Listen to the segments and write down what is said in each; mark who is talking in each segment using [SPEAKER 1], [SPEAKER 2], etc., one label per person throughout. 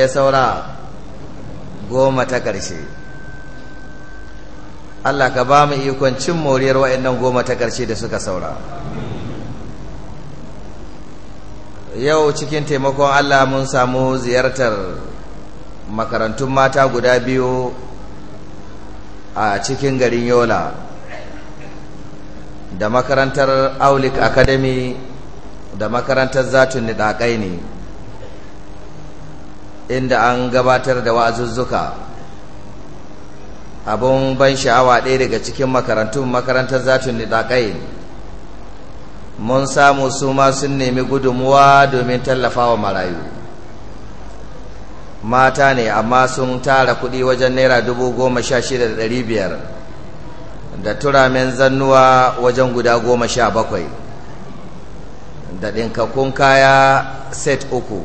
[SPEAKER 1] ya saura goma ta ƙarshe Allah ka ba mu ikon cin moriyar waɗannan goma ta ƙarshe da suka saura yau cikin taimakon Allah mun samu ziyartar makarantun mata guda biyu a cikin garin yola da makarantar aulik academy da makarantar zatun nidakai ne inda an gabatar da wa'azuzzuka abun ban sha'awa ɗaya daga cikin makarantun makarantar zatun nidaƙai mun samu su ma sun nemi gudunmuwa domin tallafa wa marayu mata ne amma sun tara kuɗi wajen naira dubu goma sha shida da ɗari biyar da turamen zannuwa wajen guda goma sha bakwai da ɗinkakkun kaya set uku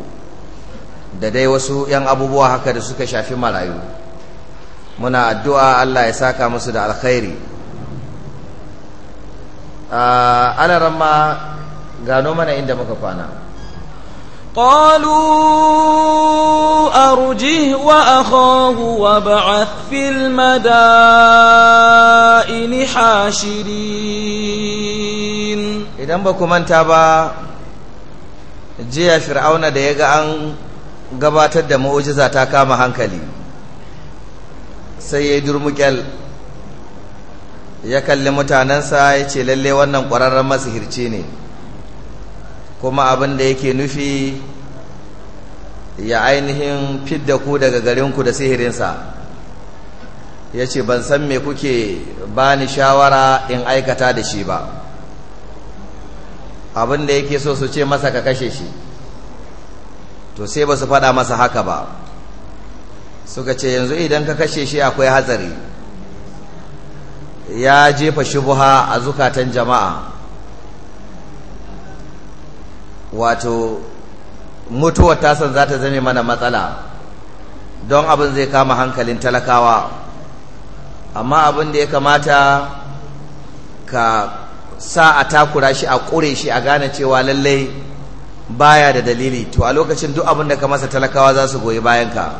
[SPEAKER 1] da dai wasu 'yan abubuwa haka da suka shafi malayu muna addu'a Allah ya saka musu da alkhairi ana ramma gano mana inda muka kwana قالوا أرجه وأخاه
[SPEAKER 2] وابعث في المدائن
[SPEAKER 1] حاشرين إذا بكم أنت با جاء فرعون da ya ga an gabatar da mu'ujiza ta kama hankali sai ya yi ya kalli mutanensa ya ce lalle wannan ƙwararren masihirci ne kuma abin da yake nufi ya ainihin fidda ku daga garinku da sihirinsa ya ce ban san me kuke ba ni shawara in aikata da shi ba abin da yake so su ce masa ka kashe shi to sai ba su faɗa masa haka ba suka ce yanzu idan ka kashe shi akwai hatsari ya jefa shubuha a zukatan jama'a wato mutuwar tasan za ta zame mana matsala don abin zai kama hankalin talakawa amma abin da ya kamata ka sa a takura shi a ƙure shi a gane cewa lallai baya da dalili to a lokacin duk abin da ka masa talakawa za su goyi ka.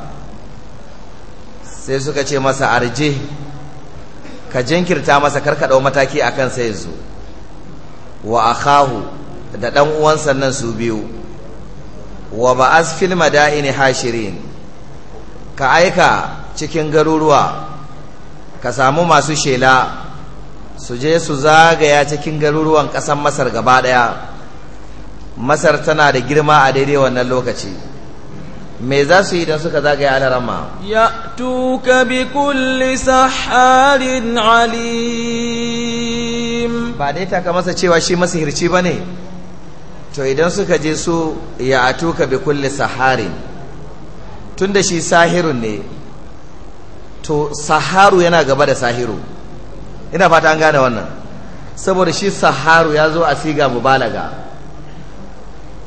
[SPEAKER 1] sai suka ce masa arje ka jinkirta masa kar ka ɗau mataki a kan sai yanzu wa akahu da ɗan uwansa nan su biyu wa ba'az fil madaini hashirin ka aika cikin garuruwa ka samu masu shela su je su zagaya cikin garuruwan ƙasar masar gaba ɗaya masar tana da girma a daidai wannan lokaci me za su yi idan suka zagaya alarama
[SPEAKER 2] ya tuka
[SPEAKER 1] bi kulli saharin alim ba dai taka masa cewa shi masihirci ba ne to idan suka je su ya tuka bi kulli saharin tun da shi sahirun ne to saharu yana gaba da sahiru ina fata an gane wannan saboda shi saharu ya zo a siga mu balaga.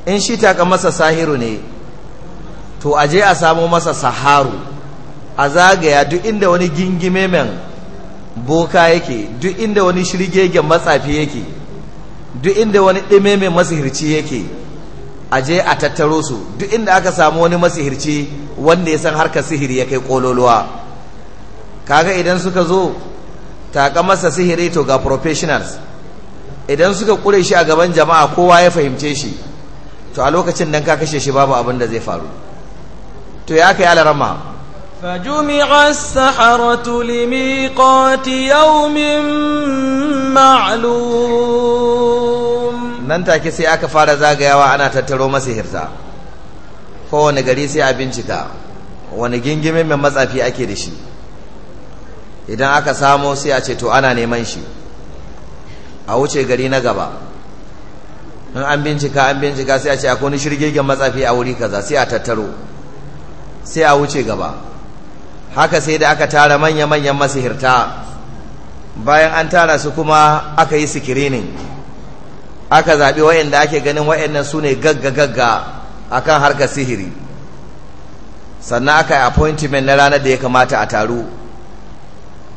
[SPEAKER 1] in shi taka masa sahiru ne to a je a samo masa saharu a zagaya duk inda wani gingime men boka yake duk inda wani shirgegen matsafi yake duk inda wani ɗime mai masihirci yake a je a tattaro su duk inda aka samu wani masihirci wanda ya san harkar sihiri ya kai kololuwa kaga idan suka zo taka masa sihiri to ga professionals idan suka ƙure shi a gaban jama'a kowa ya fahimce shi to a lokacin dan ka kashe shi babu abin da zai faru to ya kai alarama
[SPEAKER 2] فجمع السحرة لميقات يوم
[SPEAKER 1] معلوم nan take sai aka fara zagayawa ana tattaro masihirta kowane gari sai a bincika wani gingimin mai matsafi ake da shi idan aka samo sai a ce to ana neman shi a wuce gari na gaba in an bincika an bincika sai a ce akwai wani shirgegen matsafi a wuri kaza sai a tattaro sai a wuce gaba haka sai da aka tara manya-manyan masihirta bayan an tara su kuma aka yi sikirinin aka zaɓi da ake ganin wa'in nan su ne gagga-gagga a kan harkar sihiri sannan aka yi appointment na ranar da ya kamata a taru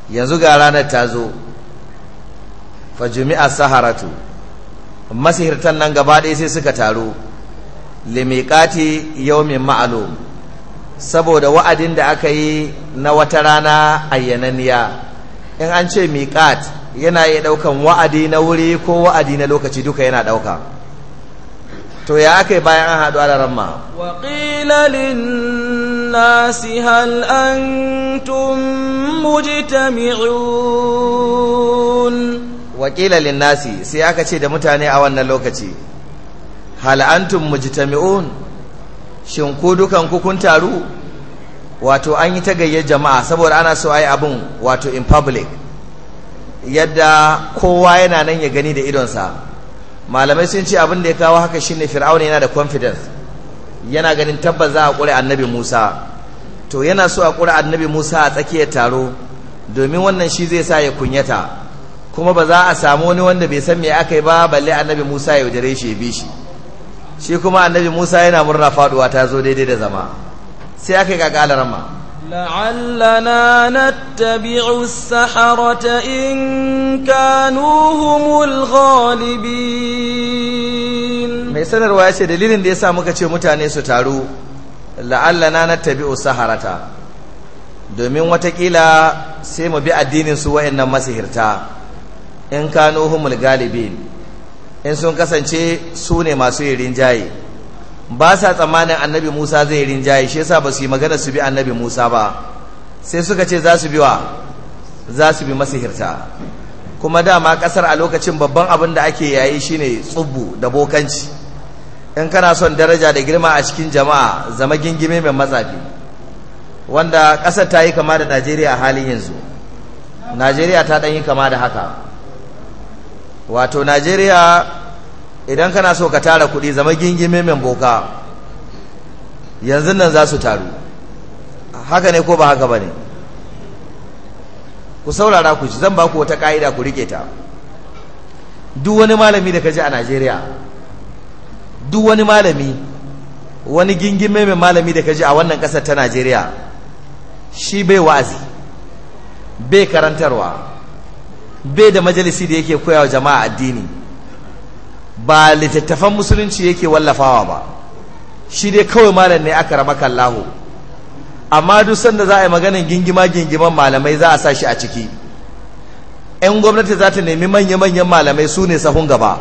[SPEAKER 1] yanzu ga ranar ta zo fajumi'ar saharatu masihirtan nan gaba ɗaya sai suka taru limiƙati yau min ma'alum saboda wa'adin da aka yi na wata rana ayyananniya in an ce miƙat yana iya ɗaukan wa'adi na wuri ko wa'adi na lokaci duka yana ɗauka to ya aka yi bayan an haɗu a ramma
[SPEAKER 2] waƙila linnasi hal
[SPEAKER 1] mujita mi'un waƙila linnasi sai aka ce da mutane a wannan lokaci hal'antun mujtami'un shin ku dukan ku kun taru wato an yi ta gayyar jama'a saboda ana so a yi abun wato in public yadda kowa yana nan ya gani da idonsa malamai sun ce abin da ya kawo haka shine fir'auna yana da confidence yana ganin tabbas za a ƙure annabi Musa to yana so a ƙure annabi Musa a tsakiyar taro domin wannan shi zai sa ya kunyata kuma ba za a samu wani wanda bai san me aka yi ba balle annabi Musa ya wajare shi ya bi shi shi kuma annabi Musa yana murna faduwa ta zo daidai da zama sai aka yi kakalar rama
[SPEAKER 2] la'allana nattabi'u as-saharata in kanu humul
[SPEAKER 1] ghalibin mai sanarwa ya ce dalilin da ya sa muka ce mutane su taru la'allana nattabi'u as-saharata domin watakila sai mu bi addinin su wa'annan masihirta in kano humul galibi in sun kasance su ne masu yi rinjaye ba sa tsammanin annabi musa zai yi rinjaye shi yasa ba su yi magana su bi annabi musa ba sai suka ce za su bi wa za su bi masihirta kuma dama kasar a lokacin babban abin da ake yayi shine tsubbu da bokanci in kana son daraja da girma a cikin jama'a zama gingime mai matsafi wanda kasar ta yi kama da najeriya a halin yanzu najeriya ta ɗan yi kama da haka wato najeriya idan kana so ka tara kudi zama gingime mai boka yanzu nan za su taru haka ne ko ba haka ba ne ku saurara ku ci zan ba ku wata ka'ida ku rike ta duk wani malami da ka ji a najeriya duk wani malami wani gingime mai malami da ka ji a wannan kasar ta najeriya shi bai wazi bai karantarwa bai da majalisi da yake koyawa jama'a addini ba littattafan musulunci yake wallafawa ba shi dai kawai malam ne aka rama kallahu amma duk sanda za a yi maganin gingima gingiman malamai za a sa shi a ciki yan gwamnati za ta nemi manya-manyan malamai su ne sahun gaba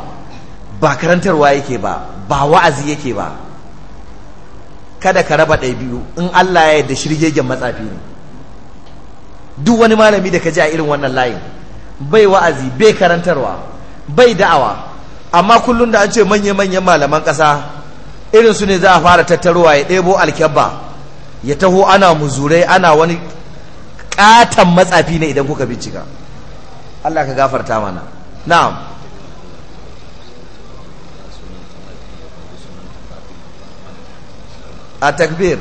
[SPEAKER 1] ba karantarwa yake ba ba wa'azi yake ba kada ka raba ɗaya biyu in Allah ya yarda shirgegen matsafi ne duk wani malami da ka ji a irin wannan layin bai wa'azi bai karantarwa bai da'awa amma kullum da an ce manya-manyan malaman ƙasa irin su ne za a fara tattarowa ya ɗebo alkyabba ya taho ana muzurai ana wani ƙatan matsafi ne idan kuka bincika Allah ka gafarta mana na'am a takbir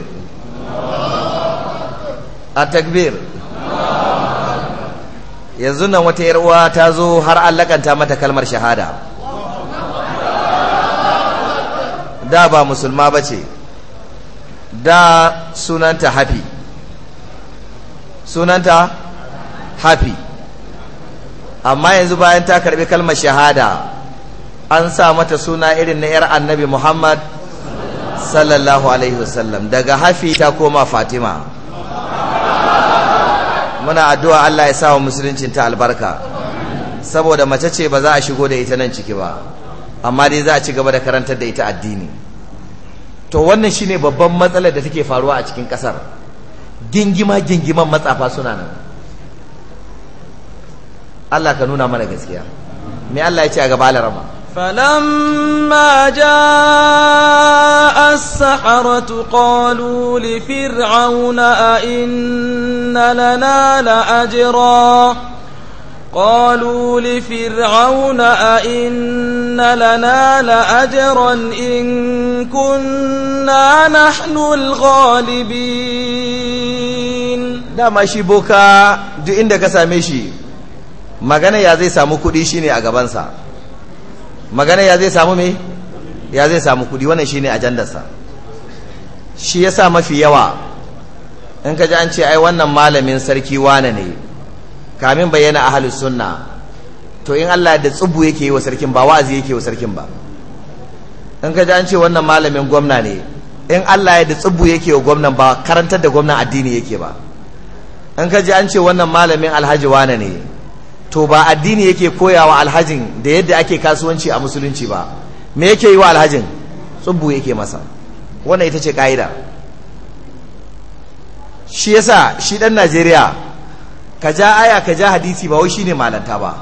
[SPEAKER 1] a takbir yanzu nan wata yarwa ta zo har an mata kalmar shahada da ba musulma ba ce da sunanta hafi sunanta hafi amma yanzu bayan ta karbi kalmar shahada an sa mata suna irin na 'yar annabi muhammad sallallahu alaihi wasallam daga hafi ta koma fatima muna addu'a Allah ya sa wa musuluncin ta albarka saboda mace ce ba za a shigo da ita nan ciki ba amma dai za a ci gaba da karantar da ita addini to wannan shine babban matsalar da take faruwa a cikin kasar gingima gingiman matsafa suna nan Allah ka nuna mana gaskiya me Allah ya ce a gaba rama.
[SPEAKER 2] فلما جاء السحرة قالوا لفرعون أئن لنا لأجرا قالوا لفرعون أئن لنا لأجرا إن كنا
[SPEAKER 1] نحن الغالبين dama shi boka duk inda ka same shi magana ya zai samu kuɗi shine a gabansa magana ya zai samu me ya zai samu kudi wannan shine ajandarsa shi yasa mafi yawa in ka ji an ce ai wannan malamin sarki wane ne kamin bayyana ahlus sunna to in Allah da tsubu yake yi wa sarkin ba wa'azi yake wa sarkin ba in ka ji an ce wannan malamin gwamna ne in Allah ya da tsubu yake wa gwamnan ba karantar da gwamnan addini yake ba in ka ji an ce wannan malamin alhaji wane ne to ba addini yake koyawa alhajin da yadda ake kasuwanci a musulunci ba me yake yi wa alhajin tsubbu yake masa wannan ita ce ka'ida shi yasa shi dan najeriya ka ja aya ka ja hadisi ba wai ne malanta ba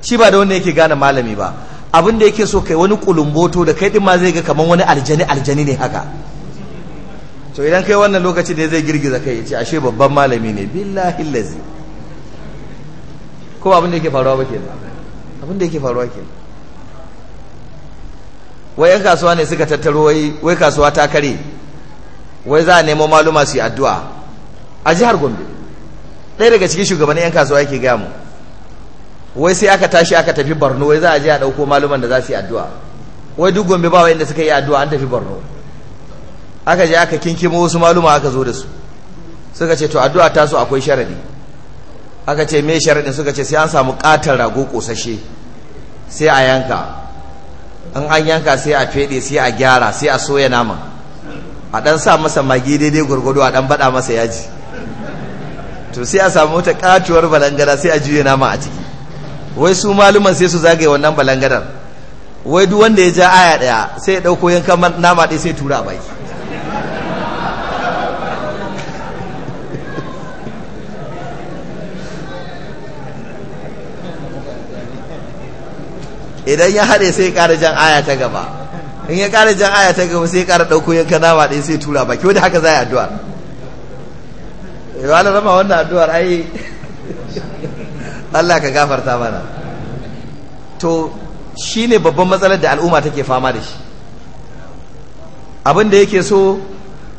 [SPEAKER 1] shi ba da wanda yake gane malami ba abin da yake so kai wani kulumboto da kai din ma zai ga kamar wani aljani aljani ne haka to idan kai wannan lokaci da zai girgiza kai ya ce ashe babban malami ne billahi lazi ko abin da yake faruwa ba kenan abin da yake faruwa kenan wai yan kasuwa ne suka tattaro wai wai kasuwa ta kare wai za a nemo maluma su yi addu'a a jihar Gombe ɗaya daga cikin shugabannin yan kasuwa yake gaya mu wai sai aka tashi aka tafi Borno wai za a je a ɗauko maluman da za su yi addu'a wai duk Gombe ba wanda suka yi addu'a an tafi Borno aka je aka kinkimo wasu maluma aka zo da su suka ce to addu'a ta su akwai sharadi aka ce me sharaɗin suka ce sai an samu ƙatar rago ƙosashe sai a yanka in an yanka sai a feɗe sai a gyara sai a soya naman a ɗan sa masa magi daidai gwargwado a ɗan baɗa masa yaji to sai a samu wata ƙatuwar balangada sai a juye nama a ciki wai su maluman sai su zagaye wannan balangadar wai duk wanda ya ja aya ɗaya sai ya ɗauko yankan nama ɗaya sai tura a baki idan ya haɗe sai ya ƙara jan aya ta gaba in ya ƙara jan aya ta gaba sai ƙara ɗauko yanka nama ɗin sai tura baki wanda haka za a yi addu'ar yawon zama wannan addu'ar ai Allah ka gafarta mana to shi ne babban matsalar da al'umma take fama da shi abin da yake so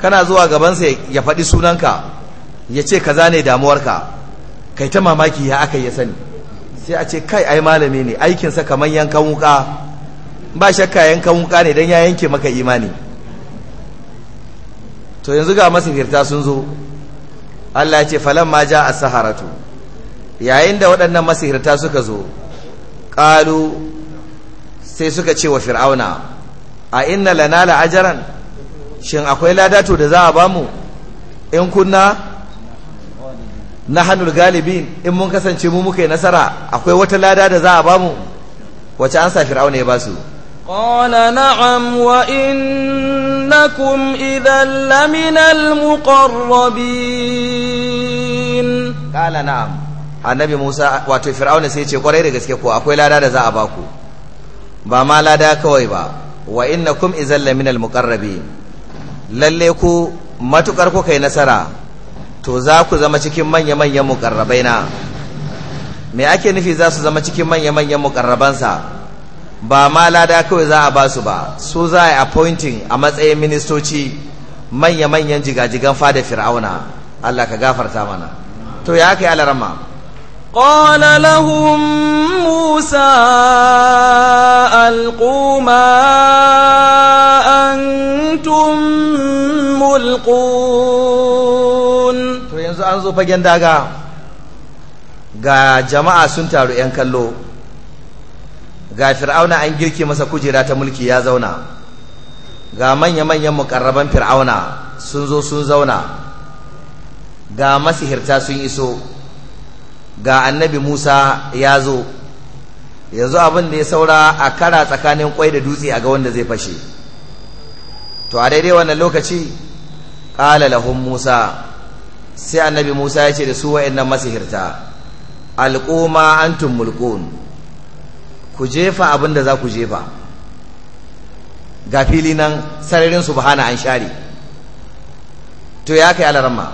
[SPEAKER 1] kana zuwa gabansa ya faɗi sunanka ya ce kaza ne damuwarka kai ta mamaki ya aka ya sani sai a ce kai ai malami ne aikinsa kamar yankan wuka ba shakka yankan wuka ne don ya yanke maka imani to yanzu ga masifirta sun zo Allah ce falan ma ja a saharatu yayin da waɗannan masifirta suka zo ƙalu sai suka ce wa fir'auna a inna lana la'ajaran shin akwai ladato da za a bamu in kunna na hannun galibi in mun kasance mu muka yi nasara akwai wata lada da za a bamu wace an sa fir'auna ya basu
[SPEAKER 2] na'am wa innakum idhal laminal muqarrabin
[SPEAKER 1] qala na'am annabi Musa wato Fir'auna sai ya ce kwarai da gaske ko akwai lada da za a baku ba ma lada kawai ba wa innakum idhal laminal muqarrabin lalle ku matukar ku kai nasara to za ku zama cikin manya-manyan mukarrabai na me ake nufi za su zama cikin manya-manyan mukarrabansa ba ma lada kawai za a ba su ba su za a yi appointing a matsayin ministoci manya-manyan jigajigan fada fir'auna Allah ka gafarta mana to ya kai alarma
[SPEAKER 2] قال lahun musa ألقوا an tun
[SPEAKER 1] yanzu an zo fagen daga ga jama'a sun taru 'yan kallo ga fir'auna an girke masa kujera ta mulki ya zauna ga manya-manyan mukarraban fir'auna sun zo sun zauna ga masihirta sun iso ga annabi musa ya zo yanzu abin da ya saura a kara tsakanin kwai da dutse a ga wanda zai fashe to a daidai wannan lokaci ƙala lahun musa sai annabi musa ya ce da su wa'annan masihirta alƙoma antum mulkun ku jefa abinda za ku jefa ga fili nan sararin subhana an share to ya kai alarma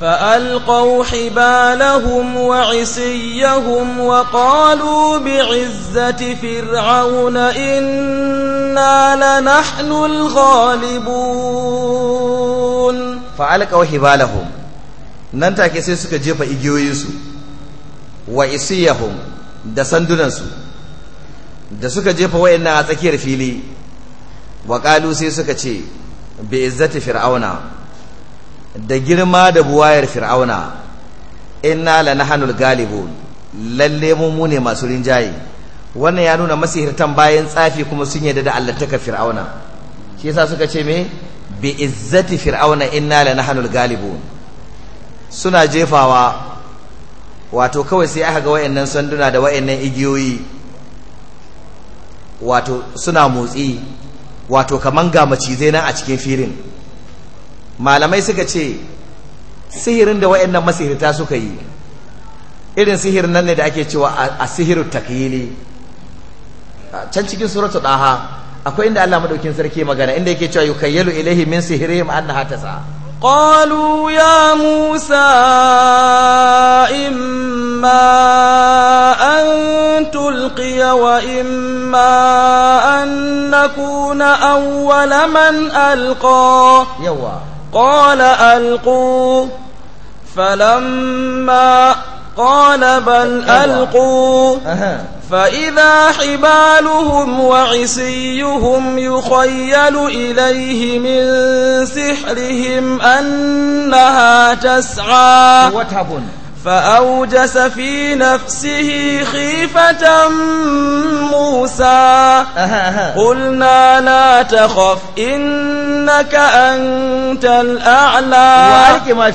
[SPEAKER 2] فألقوا حبالهم وعصيهم وقالوا بعزة فرعون إنا لنحن
[SPEAKER 1] الغالبون فألقوا حبالهم nan take sai suka jefa igiyoyinsu wa isiyahum da sandunansu da suka jefa wayannan a tsakiyar fili wa qalu sai suka ce bi izzati fir'auna da girma da buwayar fir'auna inna lanahanul galibun lalle mu mu masu rinjaye wannan ya nuna masihirtan bayan tsafi kuma sun yarda da allataka fir'auna shi yasa suka ce me bi izzati fir'auna inna lanahanul galibun suna jefawa wato kawai sai aka ga wayannan sanduna da wayannan igiyoyi wato suna motsi wato kaman ga macizai nan a cikin firin malamai suka ce sihirin da wayannan masihirta suka yi irin sihirin nan ne da ake cewa a sihirin takyili can cikin suratu ɗaha akwai inda Allah madaukin sarki magana inda yake cewa yukayyalu ilaihi min sihirihim annaha tasa
[SPEAKER 2] قالوا يا موسى إما أن تلقي وإما أن نكون أول من ألقى قال ألقوا فلما قال بل ألقوا فإذا حبالهم وعصيهم يخيل إليه من سحرهم أنها تسعى فأوجس في نفسه خيفة موسى قلنا لا تخف إنك أنت الأعلى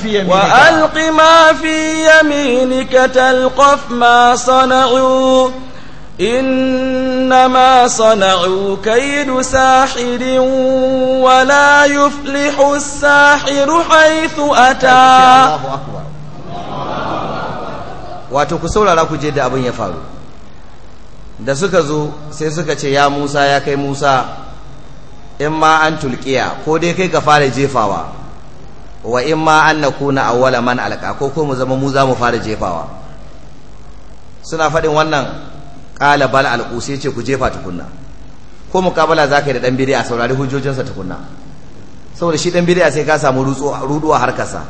[SPEAKER 2] وألق ما في يمينك تلقف ما صنعوا إنما صنعوا كيد ساحر ولا يفلح الساحر حيث أتى الله
[SPEAKER 1] أكبر wato ku saurara ku je da abin ya faru da suka zo sai suka ce ya musa ya kai musa in ma an tulkiya ko dai kai ka fara jefawa wa in ma an na kuna awwala man alka ko ko mu zama mu za mu fara jefawa suna faɗin wannan ƙala bal alƙu sai ce ku jefa tukunna ko mu za ka yi da ɗan bidiya saurari hujjojinsa tukunna saboda shi ɗan bidiya sai ka samu ruɗuwa a harkarsa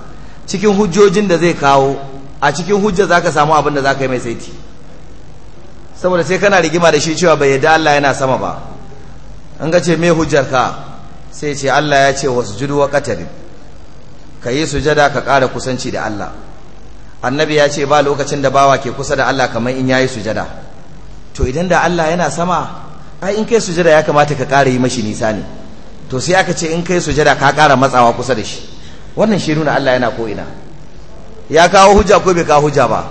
[SPEAKER 1] cikin hujjojin da zai kawo a cikin hujja zaka samu abin da zaka yi mai saiti saboda sai kana rigima da shi cewa bai yadda Allah yana sama ba an ga ce me hujjar ka sai ce Allah ya ce judu wa qatarin ka yi sujada ka ƙara kusanci da Allah annabi ya ce ba lokacin da bawa ke kusa da Allah kamar in ya yayi sujada to idan da Allah yana sama ai in kai sujada ya kamata ka ƙara yi mashi nisa ne to sai aka ce in kai sujada ka ƙara matsawa kusa da shi wannan shi nuna Allah yana ko ina ya kawo hujja ko bai kawo hujja ba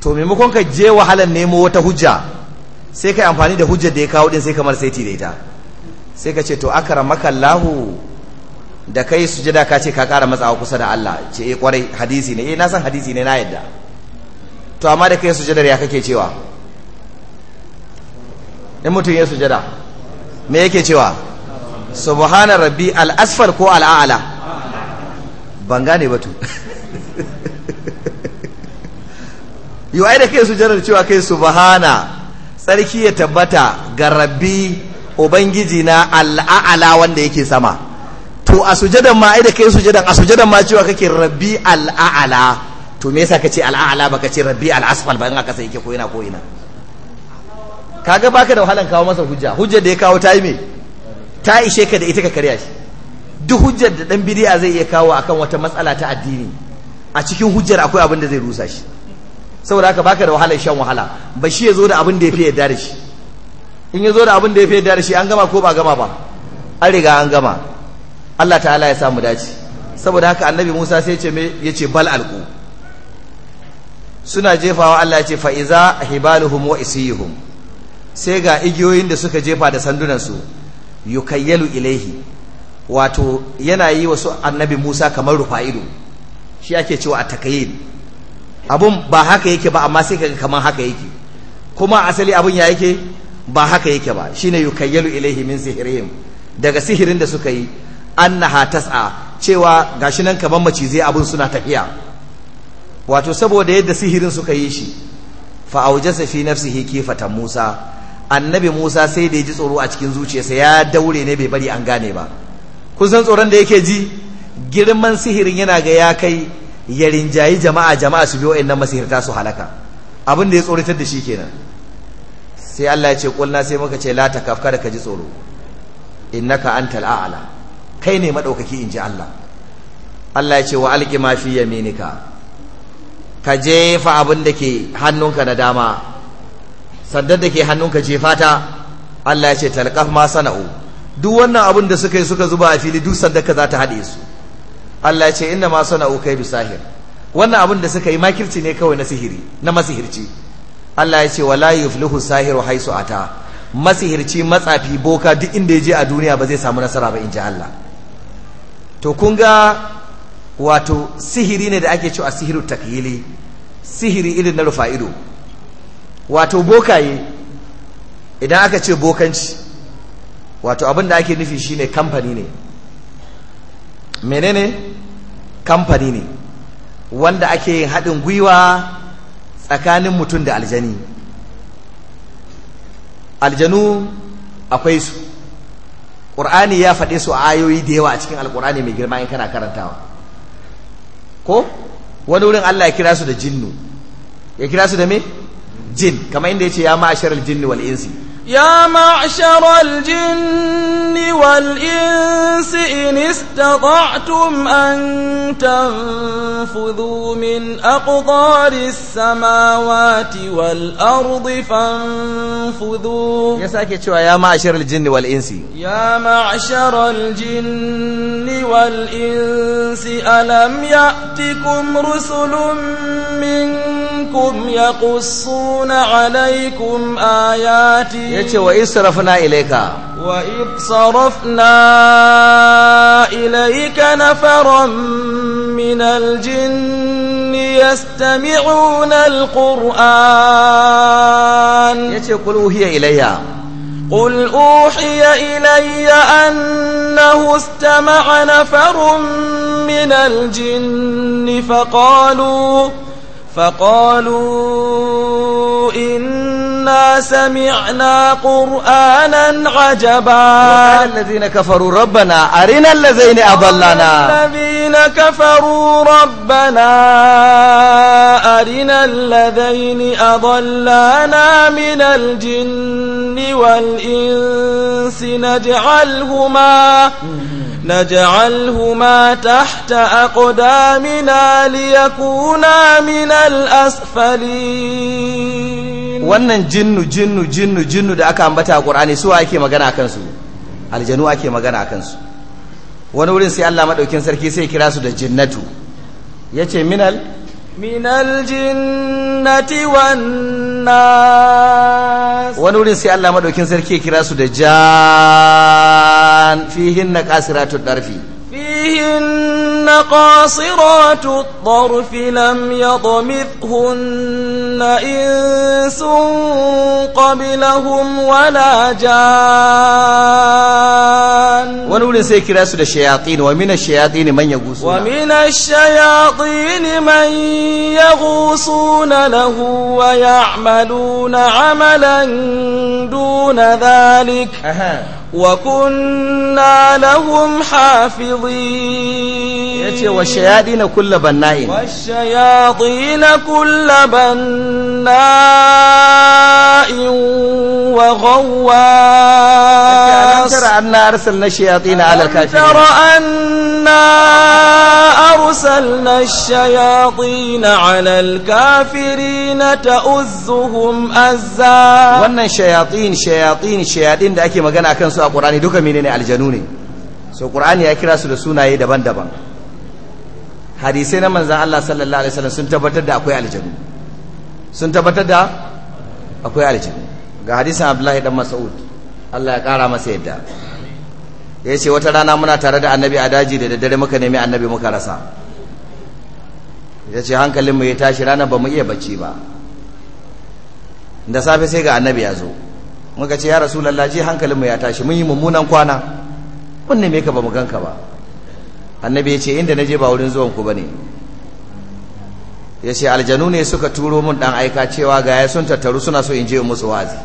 [SPEAKER 1] to maimakon ka je wahalar nemo wata hujja sai ka amfani da hujjar da ya kawo din sai kamar sai da ita sai ka ce to akramaka Allahu da kai sujada ka ce ka kara matsawa kusa da Allah ce eh kwarai hadisi ne eh na san hadisi ne na yadda to amma da kai sujada ya kake cewa in mutum ya sujada me yake cewa subhana rabbi al-asfal ko al-a'la ban gane ba to wa da kai janar cewa kai bahana tsarki ya tabbata ga rabbi ubangiji na al'a'ala wanda yake sama to a sujadan ma ai da kai sujadan a sujadan ma cewa kake rabbi al'a'ala to me yasa kace al'a'ala baka ce rabbi al'asfal ba in aka sai yake ko ina ko ina kaga baka da wahalan kawo masa hujja hujjar da ya kawo ta yi me ta ishe ka da ita ka karya shi duk hujjar da dan bidiya zai iya kawo akan wata matsala ta addini a cikin hujjar akwai abin da zai rusa shi saboda haka baka da wahalar shan wahala ba shi ya zo da abin da ya fi yadda da shi in ya zo da abin da ya fi yadda da shi an gama ko ba gama ba an riga an gama Allah ta'ala ya samu dace saboda haka annabi Musa sai ce me yace bal alqu suna jefawa Allah ya ce fa iza hibaluhum wa isihum sai ga igiyoyin da suka jefa da sandunan su yukayyalu ilaihi wato yana yi wasu annabi Musa kamar rufa ido shi ake cewa a takayin abun ba haka yake ba amma sai kaga kaman haka yake kuma asali abun ya yake ba haka yake ba shine yukayyalu ilaihi min sihirihim daga sihirin da suka yi annaha tas'a cewa gashi nan kaman macizai abun suna tafiya wato saboda yadda sihirin suka yi shi fa aujasa fi nafsihi kifatan Musa annabi Musa sai da ya ji tsoro a cikin zuciyarsa ya daure ne bai bari an gane ba kun san tsoron da yake ji girman sihirin yana ga ya kai ya rinjayi jama'a jama'a su biyo wa'annan masihirta su halaka abin da ya tsoratar da shi kenan sai Allah ya ce kulna sai muka ce la takaf kada ka ji tsoro innaka antal a'la kai ne madaukaki inji Allah Allah ya ce wa alqi ma fi yaminika ka jefa abin da ke hannunka na dama sandar da ke hannunka jefata. Allah ya ce talqaf ma sana'u duk wannan abin da suka yi suka zuba a fili duk sandar ka za ta haɗe su Allah ya ce inna ma sana'u bi sahir wannan abin da suka yi makirci ne kawai na sihiri na masihirci Allah ya ce wala yuflihu sahiru haisu ata masihirci matsafi boka duk inda ya je a duniya ba zai samu nasara ba in ji Allah to kun ga wato sihiri ne da ake cewa sihiru takyili sihiri irin na rufa ido wato bokaye idan aka ce bokanci wato abin da ake nufi shine kamfani ne menene kamfani ne wanda ake yin haɗin gwiwa tsakanin mutum da aljani aljanu akwai su ƙur'ani ya faɗe su a ayoyi da yawa a cikin alƙur'ani mai girma in kana karantawa ko wani wurin Allah ya kira su da jinnu ya kira su da me jin kamar inda ya ce ya ma'ashirar jinnu wal insi
[SPEAKER 2] يا معشر الجن والإنس إن استطعتم أن تنفذوا من أقطار السماوات والأرض فانفذوا
[SPEAKER 1] يا معشر الجن والإنس
[SPEAKER 2] يا معشر الجن والإنس ألم يأتكم رسل منكم يقصون عليكم آياتي yace wa
[SPEAKER 1] israfna ilayka
[SPEAKER 2] wa sarafna ilayka nafaran min يستمعون القرآن يتي قل
[SPEAKER 1] أوحي إليها
[SPEAKER 2] قل أوحي إلي أنه استمع نفر من الجن فقالوا فقالوا إنا سمعنا قرآنا عجبا وقال الذين كفروا ربنا أرنا الذين أضلنا الذين كفروا ربنا أرنا الذين أضلنا من الجن والإنس نجعلهما نجعلهما تحت أقدامنا ليكونا
[SPEAKER 1] من الأسفلين wannan jinnu jinnu jinnu jinnu da aka ambata a Qur'ani su ake magana akan su aljanu ake magana akan su wani wurin sai Allah madaukin sarki sai kira su da jinnatu yace minal
[SPEAKER 2] من الجنة والناس
[SPEAKER 1] ونولي سي الله مدوكين سركي كراسو دجان فيهن قاصرات الطرف
[SPEAKER 2] فيهن
[SPEAKER 1] قاصرات الطرف لم
[SPEAKER 2] يضمثهن إنس قبلهم ولا جان
[SPEAKER 1] wani wurin sai kira su da shayatin wa mina shayatin man ya gusu wa
[SPEAKER 2] mina shayatin man ya gusu na lahu wa ya amalu amalan duna zalik wa kunna lahum hafizin ya ce wa shayatin
[SPEAKER 1] kulla banna'in wa
[SPEAKER 2] shayatin kulla banna'in
[SPEAKER 1] wa gawwa an tara an arsalna الشياطين على الكافرين ترى
[SPEAKER 2] أنا أرسلنا الشياطين
[SPEAKER 1] على الكافرين أزا wannan shayatin shayatin shayatin da ake magana akan su a Qur'ani duka menene aljanu ne so Qur'ani ya kira su da sunaye daban-daban hadisai na manzon Allah sallallahu alaihi wasallam sun tabbatar da akwai aljanu sun tabbatar da akwai aljanu ga hadisin Abdullahi dan Mas'ud Allah ya kara masa yadda ya ce wata rana muna tare da annabi a daji da daddare muka nemi annabi muka rasa ya ce hankalinmu ya tashi ranar ba mu iya bacci ba da safe sai ga annabi ya zo muka ce ya rasu lallaji hankalinmu ya tashi mun yi mummunan kwana mun neme ka ba mu ganka ba annabi ya ce inda na je ba wurin zuwanku ba ne ya ce aljanu ne suka turo mun dan aika cewa ga ya sun tattaru suna so in je musu wazi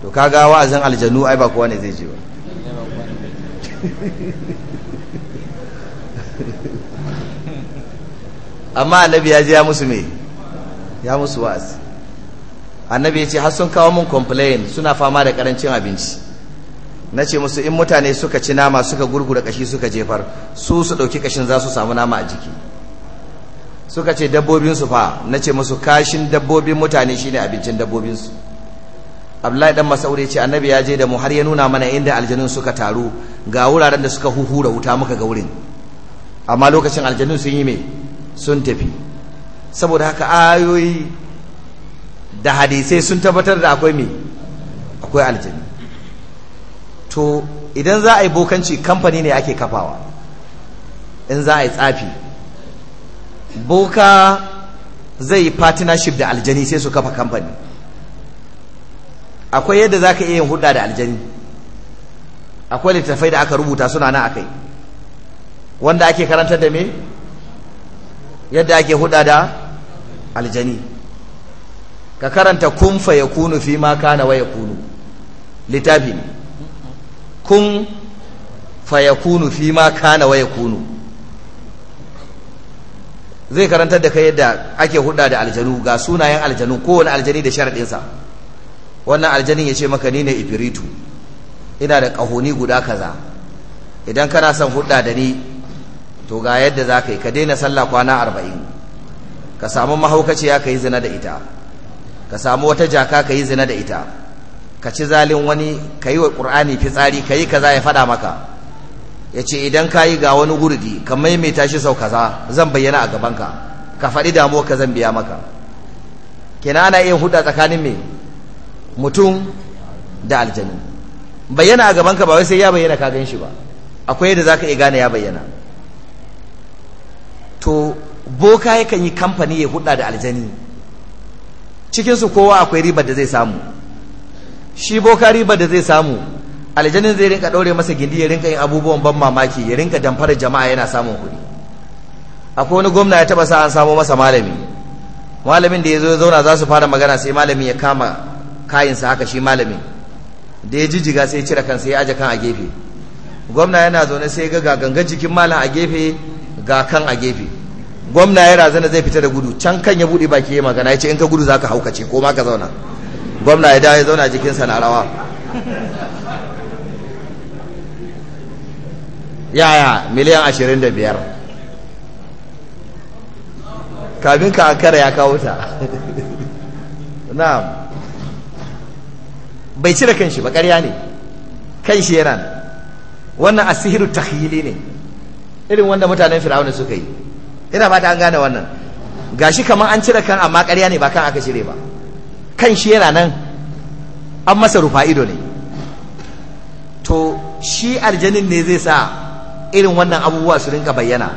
[SPEAKER 1] to kaga wa'azin aljanu ai ba kowa ne zai je ba amma annabi ya je ya musu me ya musu wa'azi annabi ya ce har sun kawo min complain suna fama da karancin abinci na ce musu in mutane suka ci nama suka gurgura kashi suka jefar su su ɗauki kashin za su samu nama a jiki suka ce dabbobinsu fa na ce musu kashin dabbobin mutane shine abincin dabbobinsu abdullahi dan masauri ya ce annabi ya je da mu har ya nuna mana inda aljanun suka taru ga wuraren da suka huhura wuta muka ga wurin amma lokacin aljanun sun yi me sun tafi saboda haka ayoyi da hadisai sun tabbatar da akwai me akwai aljanu to idan za a yi bokanci kamfani ne ake kafawa in za a yi tsafi boka zai yi partnership da aljani sai su kafa kamfani akwai yadda za ka iya yin hudda da aljani akwai littattafai da aka rubuta suna na akai wanda ake karanta da me yadda ake hudda da aljani ka karanta kun fa ya kunu fi ma kana wa ya kunu littafi ne kun fa ya kunu fi ma kana wa ya kunu zai karanta da kai yadda ake hudda da aljanu ga sunayen aljanu kowane aljani da sharaɗinsa wannan aljanin ya ce maka ni ne ifiritu ina da ƙahoni guda kaza idan kana son hudda da ni to ga yadda za ka yi ka daina sallah kwana arba'in ka samu mahaukaciya ka yi zina da ita ka samu wata jaka ka yi zina da ita ka ci zalin wani ka yi wa ƙur'ani fitsari ka yi kaza ya faɗa maka ya ce idan ka yi ga wani gurdi ka maimaita shi sau kaza zan bayyana a gabanka ka faɗi damuwa ka zan biya maka kina ana iya hudda tsakanin me mutum da aljanu bayyana a gabanka ba wai sai ya bayyana ka gan shi ba akwai yadda za ka iya gane ya bayyana to boka yakan yi kamfani ya hudda da aljani cikinsu kowa akwai ribar da zai samu shi boka ribar da zai samu aljanin zai rinka ɗaure masa gindi ya rinka yin abubuwan ban mamaki ya rinka damfarar jama'a yana samun kuɗi akwai wani gwamna ya taɓa sa an samo masa malami malamin da ya zo zauna za su fara magana sai malamin ya kama kayinsa haka shi malamin da ya jijiga sai cire kansa ya aje kan a gefe gwamna yana zaune sai ga gangan jikin malam a gefe ga kan a gefe gwamna ya razana zai fita da gudu can kan ya buɗe baki ya magana ya ce in ka gudu za ka haukace ko ma ka zauna gwamna ya dawo ya zauna jikinsa na rawa yaya miliyan ashirin da biyar kafin ka ankara ya kawo ta na'am bai cire kanshi ba ƙarya ne shi yana wannan asihiru tahili ne irin wanda mutanen fir'auna suka yi ina fata an gane wannan gashi kamar an cire kan amma ƙarya ne ba kan aka cire ba kan shi yana nan an masa rufa ido ne to shi aljanin ne zai sa irin wannan abubuwa su rinka bayyana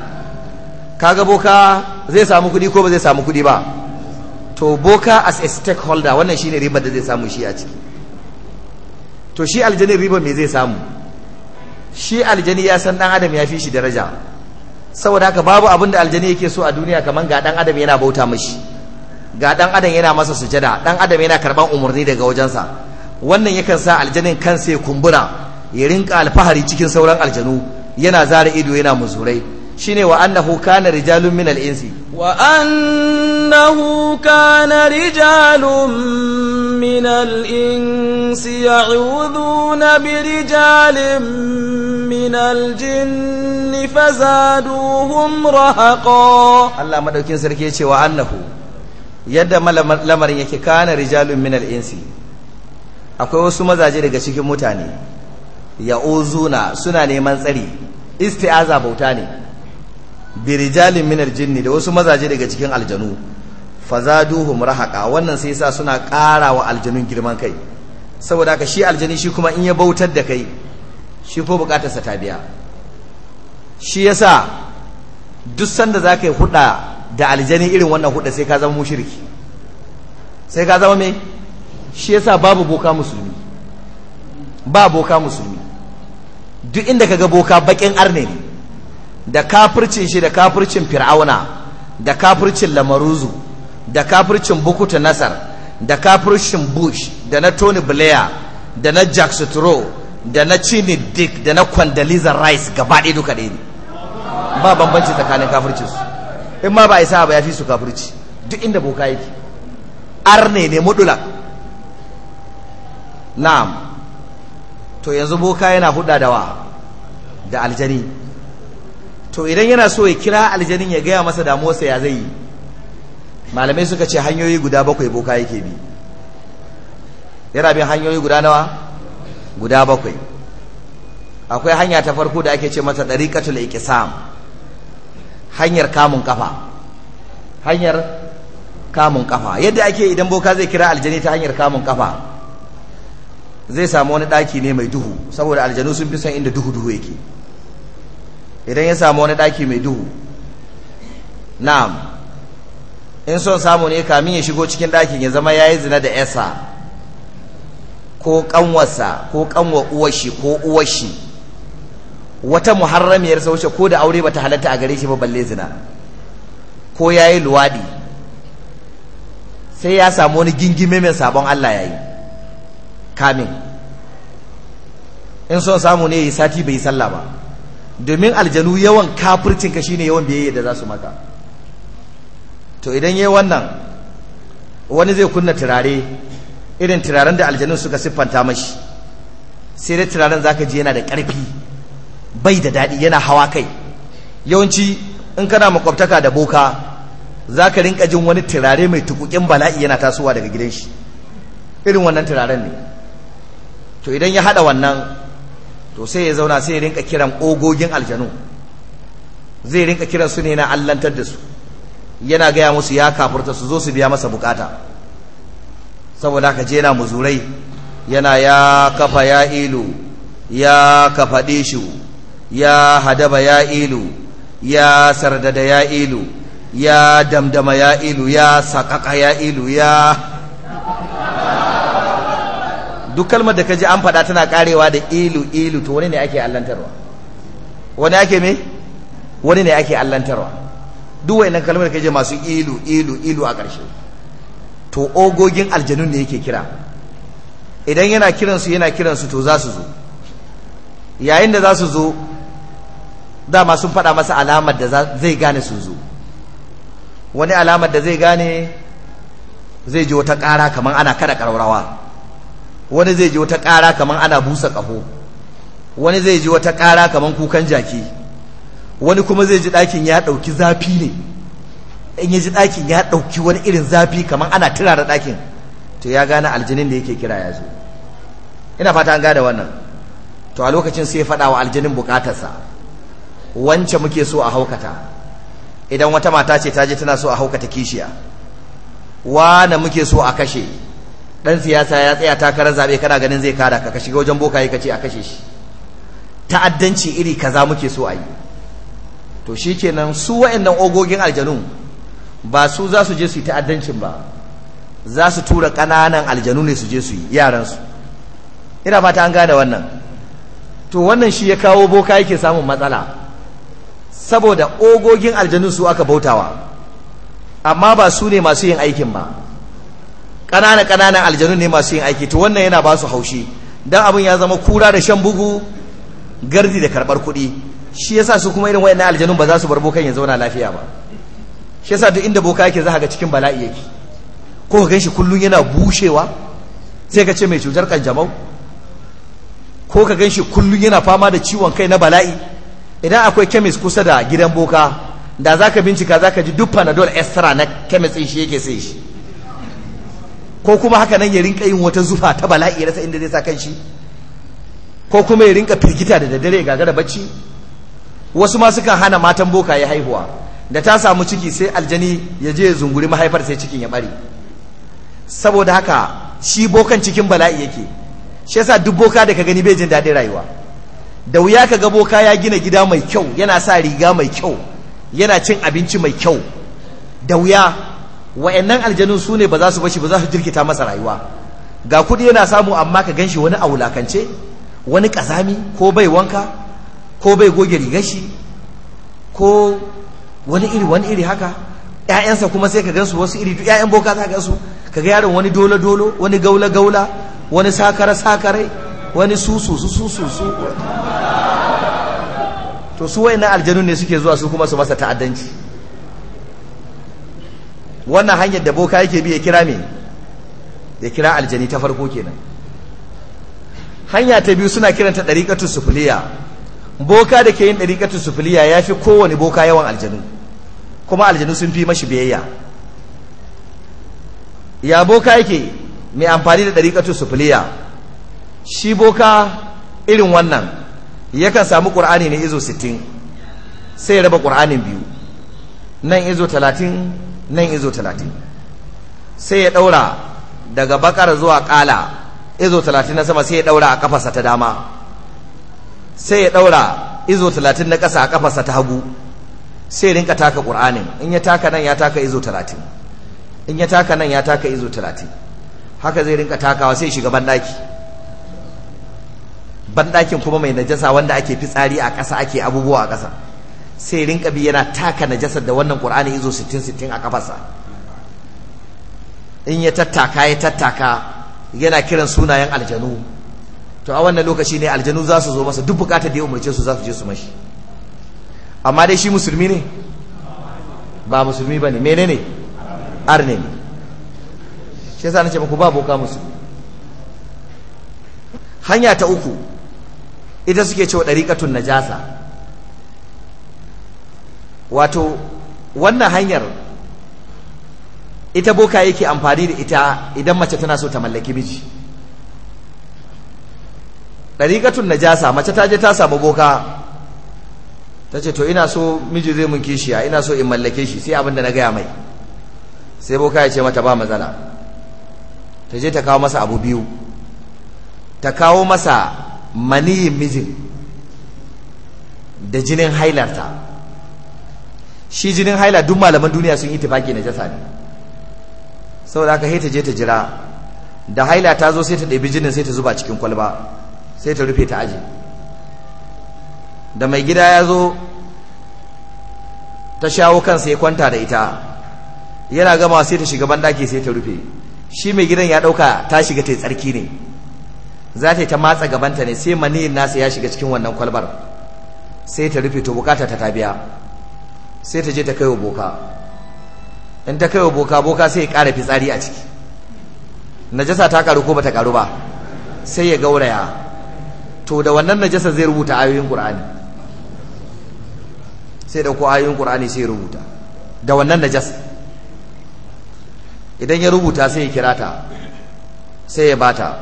[SPEAKER 1] kaga boka zai samu kuɗi ko ba zai samu kuɗi ba to boka as a stakeholder wannan shine ribar da zai samu shi a ciki to shi aljanin riba mai zai samu shi aljani ya san dan adam ya fi shi daraja saboda haka babu abin da aljani yake so a duniya kamar ga dan adam yana bauta mashi ga dan adam yana masa sujada dan adam yana karban umarni daga wajensa wannan yakan sa aljanin kansa ya kumbura ya rinka alfahari cikin sauran aljanu yana zara ido yana muzurai shine wa annahu kana rijalun min al-insi
[SPEAKER 2] وأنه كان رجال من الإنس يعوذون برجال من الجن
[SPEAKER 1] فزادوهم رهقا الله مدوكين سركي وأنه yadda lamarin yake kana rijalun minal insi akwai wasu mazaje daga cikin mutane ya ozuna suna neman tsari isti'aza bauta ne birijalin minar jinni da wasu mazaje daga cikin aljanu fazaduhum rahaqa wannan sai yasa suna ƙara wa aljanun girman kai saboda ka shi aljani shi kuma in ya bautar da kai shi ko bukatar sa ta biya shi yasa duk sanda zaka yi huda da aljani irin wannan huda sai ka zama mushriki sai ka zama me shi yasa babu boka musulmi ba boka musulmi duk inda kaga boka bakin arne ne da kafircin shi da kafircin fir'auna da kafircin lamaruzu da kafircin bukuta nasar da kafircin bush da na tony blair da na jack sutro da na chini dick da na kwandaliza rice gaba duka ɗaya ne ba bambanci tsakanin kafircin su in ma ba a isa ba ya fi su kafirci duk inda boka yake arne ne mudula na'am to yanzu boka yana huda da wa da aljani to idan yana so ya kira aljanin ya gaya masa damuwarsa ya zai yi malamai suka ce hanyoyi guda bakwai boka yake bi yana bin hanyoyi guda nawa guda bakwai akwai hanya ta farko da ake ce mata dariqatul iqsam hanyar kamun kafa hanyar kamun kafa yadda ake idan boka zai kira aljani ta hanyar kamun kafa zai samu wani daki ne mai duhu saboda aljanu sun fi son inda duhu duhu yake idan ya samu wani daki mai duhu na'am in son samu ne kamin ya shigo cikin dakin ya zama ya yi zina da yasa ko kanwarsa ko kanwa uwashi ko uwashi wata muharramiyar sauce ko da aure bata halatta a gare shi ba balle zina ko ya yi luwadi sai ya samu wani gingime mai sabon Allah ya yi kamin in son samu ne ya yi sati bai yi sallah ba domin aljanu yawan kafircin ka shine yawan biyayya da za su maka to idan yayi wannan wani zai kunna turare irin turaren da aljanun suka siffanta mashi sai dai turaren zaka ji yana da ƙarfi bai da daɗi yana hawa kai yawanci in kana makwabtaka da boka za ka rinka jin wani turare mai tukukin bala'i yana tasowa daga gidan shi irin wannan turaren ne to idan ya haɗa wannan to sai ya zauna sai ya rinka kiran ogogin aljanu zai rinka kiran su ne na allantar da su yana gaya musu ya kafurta su zo su biya masa bukata saboda haka je mu muzurai yana ya kafa ya ilu ya kafa dishu ya hadaba ya ilu ya sardada ya ilu ya damdama ya ilu ya sakaka ya ilu ya duk kalmar da ka ji an faɗa tana karewa da ilu ilu to wani ne ake allantarwa wani ake me wani ne ake allantarwa duk wani kalmar da ka ji masu ilu ilu ilu a ƙarshe to ogogin aljanun ne yake kira idan yana kiransu yana kiransu to za su zo yayin da za su zo dama sun faɗa masa alamar da zai gane sun zo wani alamar da zai gane zai ji wata ƙara kamar ana kada ƙararrawa wani zai ji wata ƙara kamar ana busa ƙaho wani zai ji wata ƙara kamar kukan jaki wani kuma zai ji ɗakin ya ɗauki zafi ne in ya ji ɗakin ya ɗauki wani irin zafi kamar ana da ɗakin to ya gane aljinin da yake kira ya zo ina fata an gada wannan to a lokacin sai ya faɗa wa aljinin buƙatarsa wance muke so a haukata idan wata mata ce ta je tana so a haukata kishiya wane muke so a kashe dan siyasa ya tsaya takarar zabe kana ganin zai kada ka ka shiga wajen boka ka ce a kashe shi ta'addanci iri kaza muke so a yi to shikenan su wa'annan ogogin aljanu ba su za su je su yi ta'addancin ba za su tura ƙananan aljanu ne su je su yi yaransu ina fata an gane wannan to wannan shi ya kawo boka yake samun matsala saboda ogogin aljanu su aka bautawa amma ba su ne masu yin aikin ba kanana kananan aljanu ne masu yin aiki to wannan yana ba su haushi dan abin ya zama kura da shan bugu gardi da karbar kuɗi shi yasa su kuma irin wayannan aljanun ba za su bar bokan ya zauna lafiya ba shi yasa duk inda boka yake za ga cikin bala'i yake ko ka ganshi kullun yana bushewa sai ka ce mai cutar kanjamau ko ka ganshi kullun yana fama da ciwon kai na bala'i idan akwai kemis kusa da gidan boka da zaka bincika zaka ji duk panadol extra na kemis din shi yake sai shi ko kuma haka nan ya rinka yin wata zufa ta bala'i rasa inda zai sa kanshi ko kuma ya rinka firgita da daddare gagara bacci wasu ma sukan hana matan boka ya haihuwa da ta samu ciki sai aljani ya je ya zunguri mahaifar sai cikin ya bare saboda haka shi bokan cikin bala'i yake shi yasa duk boka da ka gani bai jin daɗin rayuwa da wuya ka ga boka ya gina gida mai kyau yana sa riga mai kyau yana cin abinci mai kyau da wuya wa'annan aljanun su ne ba za su bashi ba za su jirkita masa rayuwa ga kudi yana samu amma ka ganshi wani a wulakance wani kazami ko bai wanka ko bai goge rigashi shi ko wani iri wani iri haka ƴaƴansa kuma sai ka gansu wasu iri ƴaƴan boka za ka gansu ka ga yaron wani dolo dolo wani gaula gaula wani sakara sakare wani susu susu susu to su wayannan aljanu ne suke zuwa su kuma su masa ta'addanci wannan hanyar da boka yake bi ya kira me ya kira aljani ta farko kenan hanya ta biyu suna kiranta ɗariƙatu sufuliya boka da ke yin ɗariƙatu sufuliya ya fi kowane boka yawan aljanu kuma aljanu sun fi mashi biyayya ya boka yake mai amfani da ɗariƙatu sufuliya shi boka irin wannan yakan samu qur'ani ne izo sittin sai ya raba qur'anin biyu nan izo talatin nan izo talatin sai ya ɗaura daga bakar zuwa ƙala izo talatin na sama sai ya ɗaura a ƙafarsa ta dama sai ya ɗaura izo talatin na ƙasa a ƙafarsa ta hagu sai rinka taka ƙur'anin in ya taka nan ya taka izo talatin in ya taka nan ya taka izo talatin haka zai rinka takawa sai shiga banɗaki banɗakin kuma mai najasa wanda ake fitsari a ƙasa ake abubuwa a ƙasa sai rinka bi yana taka najasar da wannan qur'ani izo 60 60 a kafarsa in ya tattaka ya tattaka yana kiran sunayen aljanu to a wannan lokaci ne aljanu za su zo masa duk bukatar da ya umarce su za su je su mashi amma dai shi musulmi ne ba musulmi ba ne menene arne ne shi yasa nace muku ba boka musulmi hanya ta uku ita suke cewa dariqatun najasa wato wannan hanyar ita boka yake amfani da ita idan mace tana so ta mallaki miji ɗariƙatun najasa mace ta je ta samu boka ta ce to ina so miji zai mun kishiya ina so in mallake shi sai abinda na gaya mai sai boka ya ce mata ba matsala ta je ta kawo masa abu biyu ta kawo masa maniyin mijin da jinin hailarta shi jinin haila duk malaman duniya sun yi tafaki na jasa ne saboda aka sai je ta jira da haila ta zo sai ta ɗabi jinin sai ta zuba cikin kwalba sai ta rufe ta aji da mai gida ya zo ta shawo kansa ya kwanta da ita yana gama sai ta shiga banɗaki sai ta rufe shi mai gidan ya ɗauka ta shiga ta yi tsarki ne za ta yi ta matsa gabanta ne sai maniyin nasa ya shiga cikin wannan kwalbar sai ta rufe to bukata ta ta biya. sai ta je ta kai wa boka in ta kai wa boka boka sai ya ƙara fitsari a ciki najasa ta ƙaru ko bata ƙaru ba sai ya gauraya to da wannan najasa zai rubuta ayoyin ƙur'ani sai da ko ayoyin ƙur'ani sai rubuta da wannan najasa idan ya rubuta sai ya kira ta sai ya bata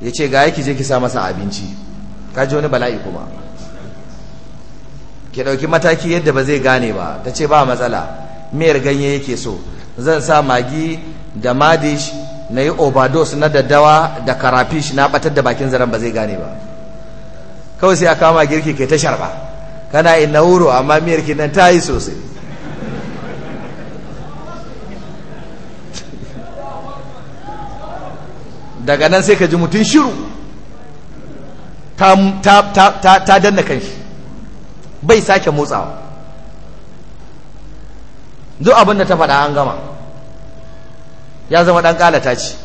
[SPEAKER 1] ya ce ga yake je ki sa masa abinci ka ji wani bala'i kuma ki ɗauki mataki yadda ba zai gane ba ta ce ba matsala miyar ganye yake so zan sa magi da madish na yi overdose na daddawa da karafish na batar da bakin zaren ba zai gane ba kawai sai a kama girki kai tashar sharba kana in na wuro amma miyar ki nan ta yi sosai daga nan sai ka ji mutum shiru ta danna kanshi bai sake motsawa duk abin da ta faɗa an gama ya zama ɗan ƙalata ce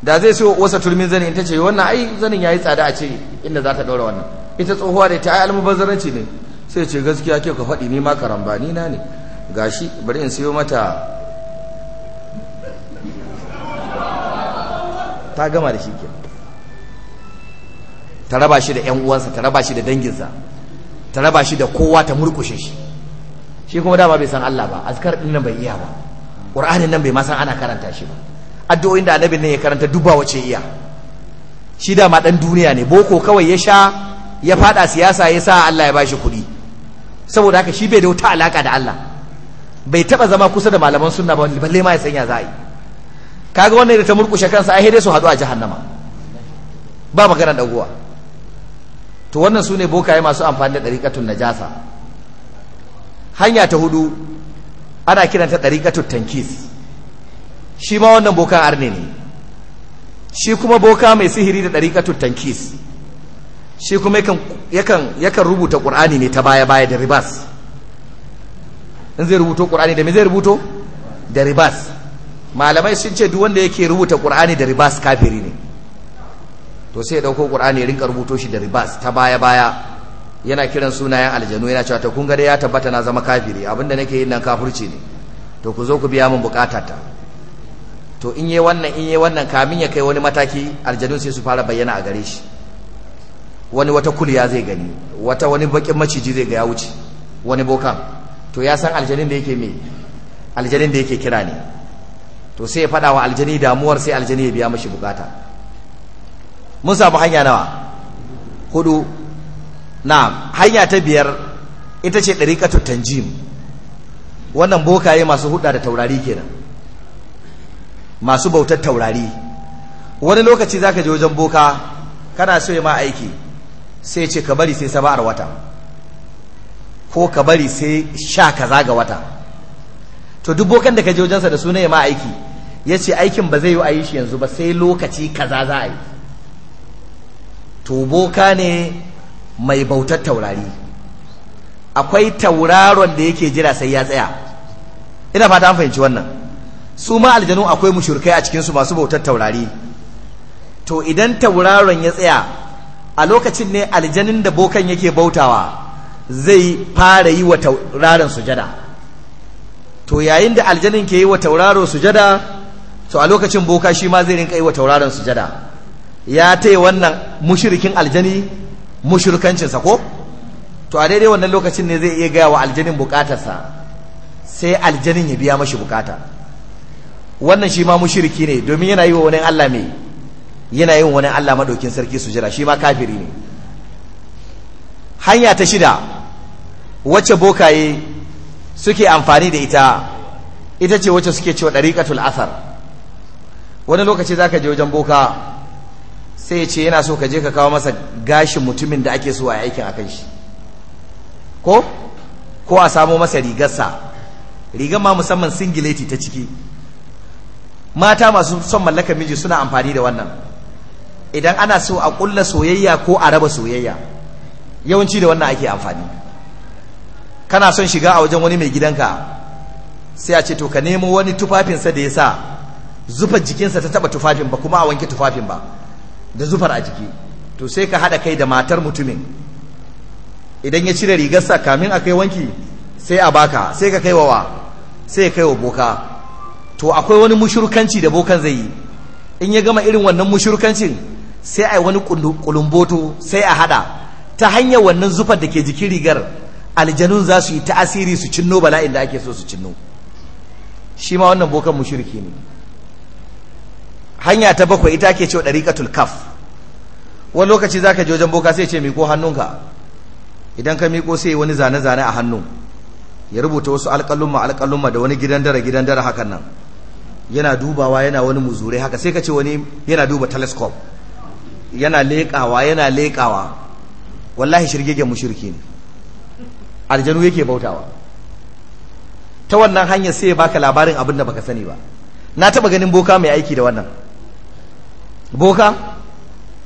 [SPEAKER 1] da zai so wasa turmin zanin ta ce wannan ai zanin ya yi tsada a ce inda za ta ɗora wannan ita tsohuwa da ta ai almubazzaranci ne sai ce gaskiya ke ka faɗi ni maka rambani na ne gashi bari in siyo mata ta gama da shi ke ta raba shi da 'yan uwansa ta raba shi da danginsa ta raba shi da kowa ta murkushe shi shi kuma dama bai san Allah ba azkar din nan bai iya ba qur'anin nan bai ma san ana karanta shi ba addu'o'in da annabi nan ya karanta duba wace iya shi dama dan duniya ne boko kawai ya sha ya fada siyasa ya sa Allah ya bashi kuɗi saboda haka shi bai da wata alaka da Allah bai taba zama kusa da malaman sunna ba balle ma ya sanya za'i kaga wannan da ta murkushe kansa ai dai su hadu a jahannama ba magana dagowa to wannan su ne bokaye masu amfani da ɗariƙatun najasa hanya ta hudu ana kiranta ɗariƙatun tankis shi ma wannan bokan arne ne shi kuma boka mai sihiri da ɗariƙatun tankis shi kuma yakan rubuta ƙur'ani ne ta baya-baya da ribas in zai rubuto ƙur'ani da me zai rubuto da ribas malamai sun ce duk wanda yake rubuta ƙur'ani da ribas kafiri ne to sai ya dauko qur'ani ya rinka rubuto shi da ribas ta baya baya yana kiran sunayen aljanu yana cewa to kun ga dai ya tabbata na zama kafiri abinda nake yin nan kafirci ne to ku zo ku biya min bukatata to in yi wannan in yi wannan kamin ya kai wani mataki aljanu sai su fara bayyana a gare shi wani wata kulya zai gani wata wani bakin maciji zai ga ya wuce wani bokan to ya san aljanin da yake me aljanin da yake kira ne to sai ya faɗa wa aljani damuwar sai aljani ya biya mashi bukata mun samu hanya nawa hudu na hanya ta biyar ita ce ɗariƙatu tanjim wannan bokaye masu hudu da taurari kenan masu bautar taurari wani lokaci zaka je wajen boka kana so ya ma aiki sai ce ka bari sai saba'ar wata ko ka bari sai sha kaza ga wata to duk bokan da ka je wajensa da suna ya ma aiki ya ce aikin ba zai yi a yi shi yanzu ba sai lokaci kaza za a yi to boka ne mai bautar taurari akwai tauraron da yake jira sai ya tsaya ina fata an fahimci wannan su ma aljanu akwai mushurkai a cikinsu masu bautar taurari to idan tauraron ya tsaya a lokacin ne aljanin da bokan yake bautawa zai fara yi wa tauraron sujada to yayin da aljanin ke yi wa tauraro sujada to a lokacin boka shi ma zai rinka yi wa tauraron sujada ya taya wannan mushirikin aljani mushirkancinsa ko to a daidai wannan lokacin ne zai iya gaya wa aljanin bukatarsa sai aljanin ya biya mashi bukata wannan shi ma mushiriki ne domin yana yi wa wani Allah mai yana yin wani Allah maɗaukin sarki su jira shi ma kafiri ne hanya ta shida wacce bokaye suke amfani da ita ita ce wacce suke cewa ɗariƙatul asar wani lokaci za ka je wajen boka sai ya ce yana so ka je ka kawo masa gashin mutumin da ake so a aikin a kan shi ko ko a samo masa rigarsa rigar ma musamman singileti ta ciki mata masu son mallaka miji suna amfani da wannan idan ana so a ƙulla soyayya ko a raba soyayya yawanci da wannan ake amfani kana son shiga a wajen wani mai gidanka sai a ce to ka nemo wani tufafinsa da ya sa zufa jikinsa ta taɓa tufafin ba kuma a wanke tufafin ba da zufar a jiki to sai ka haɗa kai da matar mutumin idan ya cire rigarsa kamin a kai wanki sai a baka sai ka kai wa sai kai wa boka to akwai wani mushurkanci da bokan zai yi in ya gama irin wannan mushurkancin sai a yi wani kulumboto sai a haɗa ta hanyar wannan zufar da ke jikin rigar aljanun za su yi ta asiri su cinno bala'in da ake so su cinno shi ma wannan bokan mushirki ne hanya ta bakwai ita ke cewa ɗariƙatul kaf wani lokaci za ka je wajen boka sai ce miko hannunka idan ka miko sai wani zane-zane a hannun ya rubuta wasu alƙalumma alƙalumma da wani gidan dara gidan dara hakan nan yana dubawa yana wani muzure haka sai ka ce wani yana duba telescope yana leƙawa yana leƙawa wallahi shirgegen mushirki ne aljanu yake bautawa ta wannan hanyar sai ya baka labarin abin da baka sani ba na taba ganin boka mai aiki da wannan boka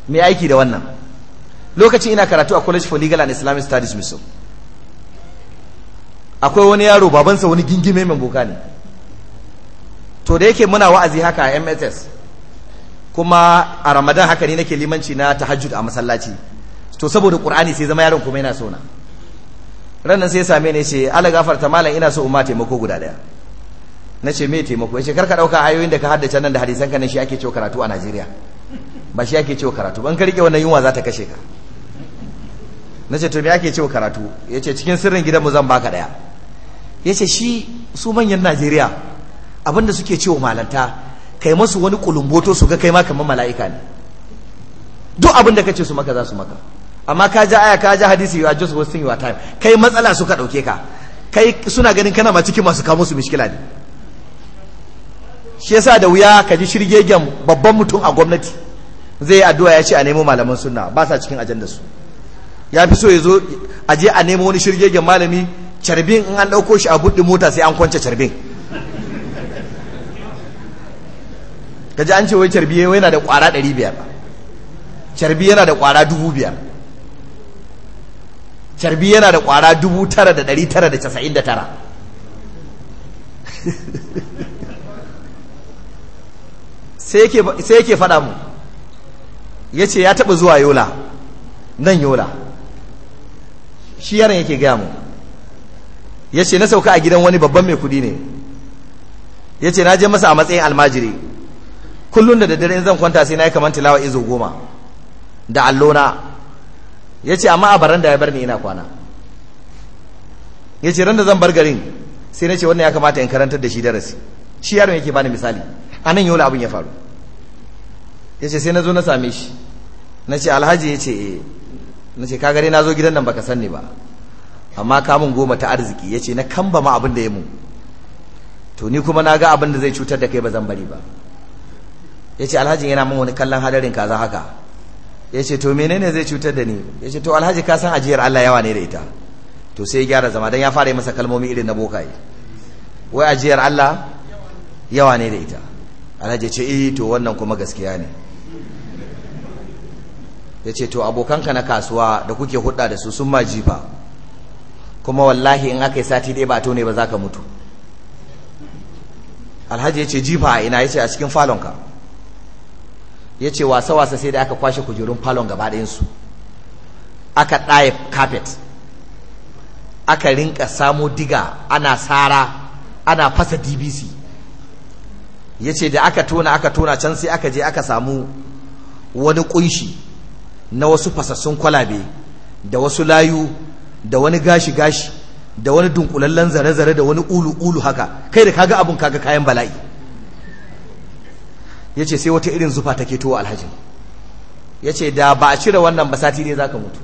[SPEAKER 1] mai aiki da wannan lokacin ina karatu a college for legal and islamic studies miso akwai wani yaro babansa wani gingime mai boka ne to da yake muna wa'azi haka a mss kuma a ramadan haka ne nake limanci na tahajjud a masallaci to saboda qur'ani sai zama yaron kuma yana sona ranan sai ya same ni ce ala gafarta malam ina so umma taimako guda daya na ce me taimako ya ce karka dauka ayoyin da ka haddace nan da hadisan ka shi ake cewa karatu a Najeriya ba shi ake cewa karatu ban karike wannan yunwa za ta kashe ka na ce to me ake cewa karatu ya ce cikin sirrin gidanmu zan baka daya ya ce shi su manyan najeriya abinda suke cewa malanta kai masu wani kulumboto su ga kai ma kamar mala'ika ne duk abinda kace su maka za su maka amma ka ja aya ka ja hadisi you are just wasting your time kai matsala suka dauke ka kai suna ganin kana ma cikin masu kawo su mishkila ne shi yasa da wuya ka ji shirgegen babban mutum a gwamnati zai yi addu'a ya ce a nemo malaman sunna ba sa cikin ajandar su ya fi so ya zo a je a nemo wani shirgegen malami carbin in an ɗauko shi a buɗe mota sai an kwance carbin kaji an ce wai carbi yana da ƙwara 500 carbi yana da ƙwara 2000 carbi yana da ƙwara 9999 sai yake faɗa mu ya ce ya taɓa zuwa yola nan yola shi yaron yake gaya mu ya ce na sauka a gidan wani babban mai kudi ne ya ce na je masa a matsayin almajiri kullum da daddare zan kwanta sai na yi kamar tilawa izo goma da allona ya ce amma a baranda ya bar ni ina kwana ya ce ran da zan bar garin sai na ce wannan ya kamata in karantar da shi darasi shi yaron yake bani misali a nan yola abin ya faru ya ce sai na zo na same shi na ce alhaji ya ce eh. na ce kagare na zo gidan nan baka sani ba amma kamun goma ta arziki ya ce na kamba ma abin da ya mu to ni kuma na ga abin da zai cutar da kai ba zan bari ba ya ce alhaji yana min wani kallon hadarin kaza haka ya ce to menene zai cutar da ni ya ce to alhaji ka san ajiyar allah yawa ne da ita to sai ya gyara zama don ya fara yi masa kalmomi irin na bokaye wai ajiyar allah yawa ne da ita alhaji ce eh to wannan kuma gaskiya ne ya ce to abokanka na kasuwa da kuke hudda da su sun ma jifa kuma wallahi in aka yi sati ɗaya ba to ne ba za ka mutu alhaji ya ce jifa a ina ya ce a cikin falonka ya ce wasa-wasa sai da aka kwashe kujerun falon gaba ɗayansu aka ɗaya carpet aka rinka samo diga ana sara ana fasa dbc ya ce da aka tona aka tona can sai aka je aka samu wani ƙunshi. na wasu fasassun kwalabe da wasu layu da wani gashi-gashi da wani dunkulallen zare-zare da wani ulu-ulu haka kai da kaga abun kaga kayan bala'i ya ce sai wata irin zufa take towa alhaji ya ce da ba a cire wannan ba sati ne za ka mutu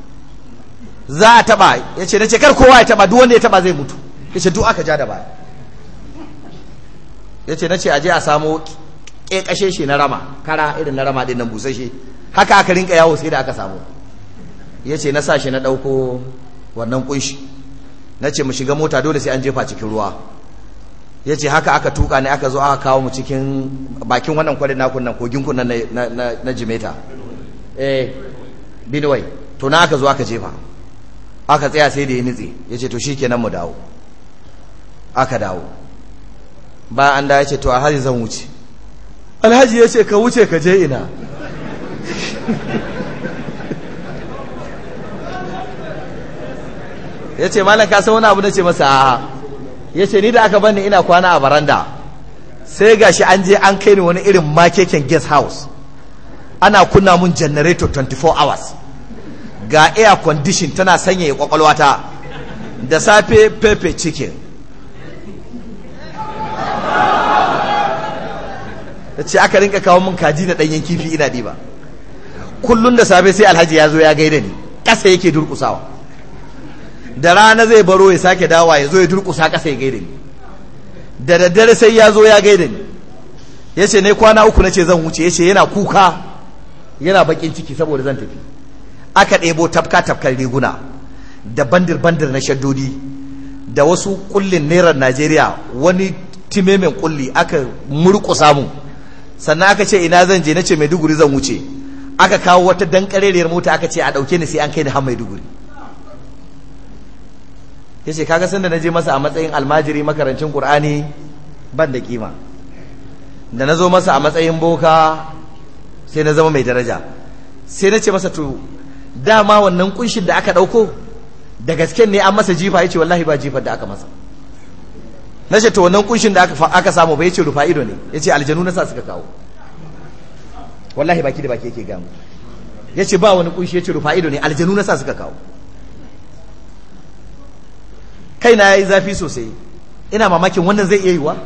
[SPEAKER 1] za a taba ya ce na ce kar kowa ya taba duk wanda ya taba zai mutu ya ce duk aka ja da ba ya ce na ce aje a samo ƙeƙashe shi na rama kara irin na rama ɗin nan busashe haka aka rinka yawo sai da aka samu ya ce na sa shi na ɗauko wannan kunshi na ce mu shiga mota dole sai an jefa cikin ruwa ya ce haka aka tuka ne aka zo aka kawo mu cikin bakin wannan kwarin nakun nan kogin kun na jimeta eh binuwai to na aka zo aka jefa aka tsaya sai da ya nitse ya ce to shi kenan mu dawo aka dawo ba an da ya ce to alhaji zan wuce alhaji ya ce ka wuce ka je ina ya ce malam kasan wani abu na ce masa a ya ce ni da aka bani ina kwana a baranda sai ga shi an je an kai ni wani irin makeken guest house ana kunna mun generator 24 hours ga air condition tana sanyaya kwakwalwata da safe pepe chicken ta ce aka rinka kawo mun kaji da ɗanyen kifi ina ɗiba ba Kullum da safe sai alhaji ya zo ya gaida ni ƙasa yake durƙusawa da rana zai baro ya sake dawa ya zo ya durƙusa ƙasa ya gaida ni da daddare sai ya zo ya gaida ni ya ce ne kwana uku na ce zan wuce ya ce yana kuka yana baƙin ciki saboda zan tafi aka ɗebo tafka tafkar riguna da bandir bandir na shaddodi da wasu kullin naira najeriya wani timemen kulli aka murƙusa mu sannan aka ce ina zan je na ce maiduguri zan wuce aka kawo wata dankareriyar mota aka ce a ɗauke ni sai an kai ni har maiduguri ya ce kaga sanda na je masa a matsayin almajiri makarancin ƙur'ani ban da kima da na zo masa a matsayin boka sai na zama mai daraja sai na ce masa to dama wannan kunshin da aka ɗauko da gasken ne an masa jifa ya ce wallahi ba jifar da aka masa na ce to wannan kunshin da aka samu ba ya ce rufa ido ne ya ce aljanu na sa suka kawo wallahi baki da baki yake gamu ya ce ba wani kunshi ya ce rufa ido ne aljanu na sa suka kawo kaina ya yi zafi sosai ina mamakin wannan zai iya yiwa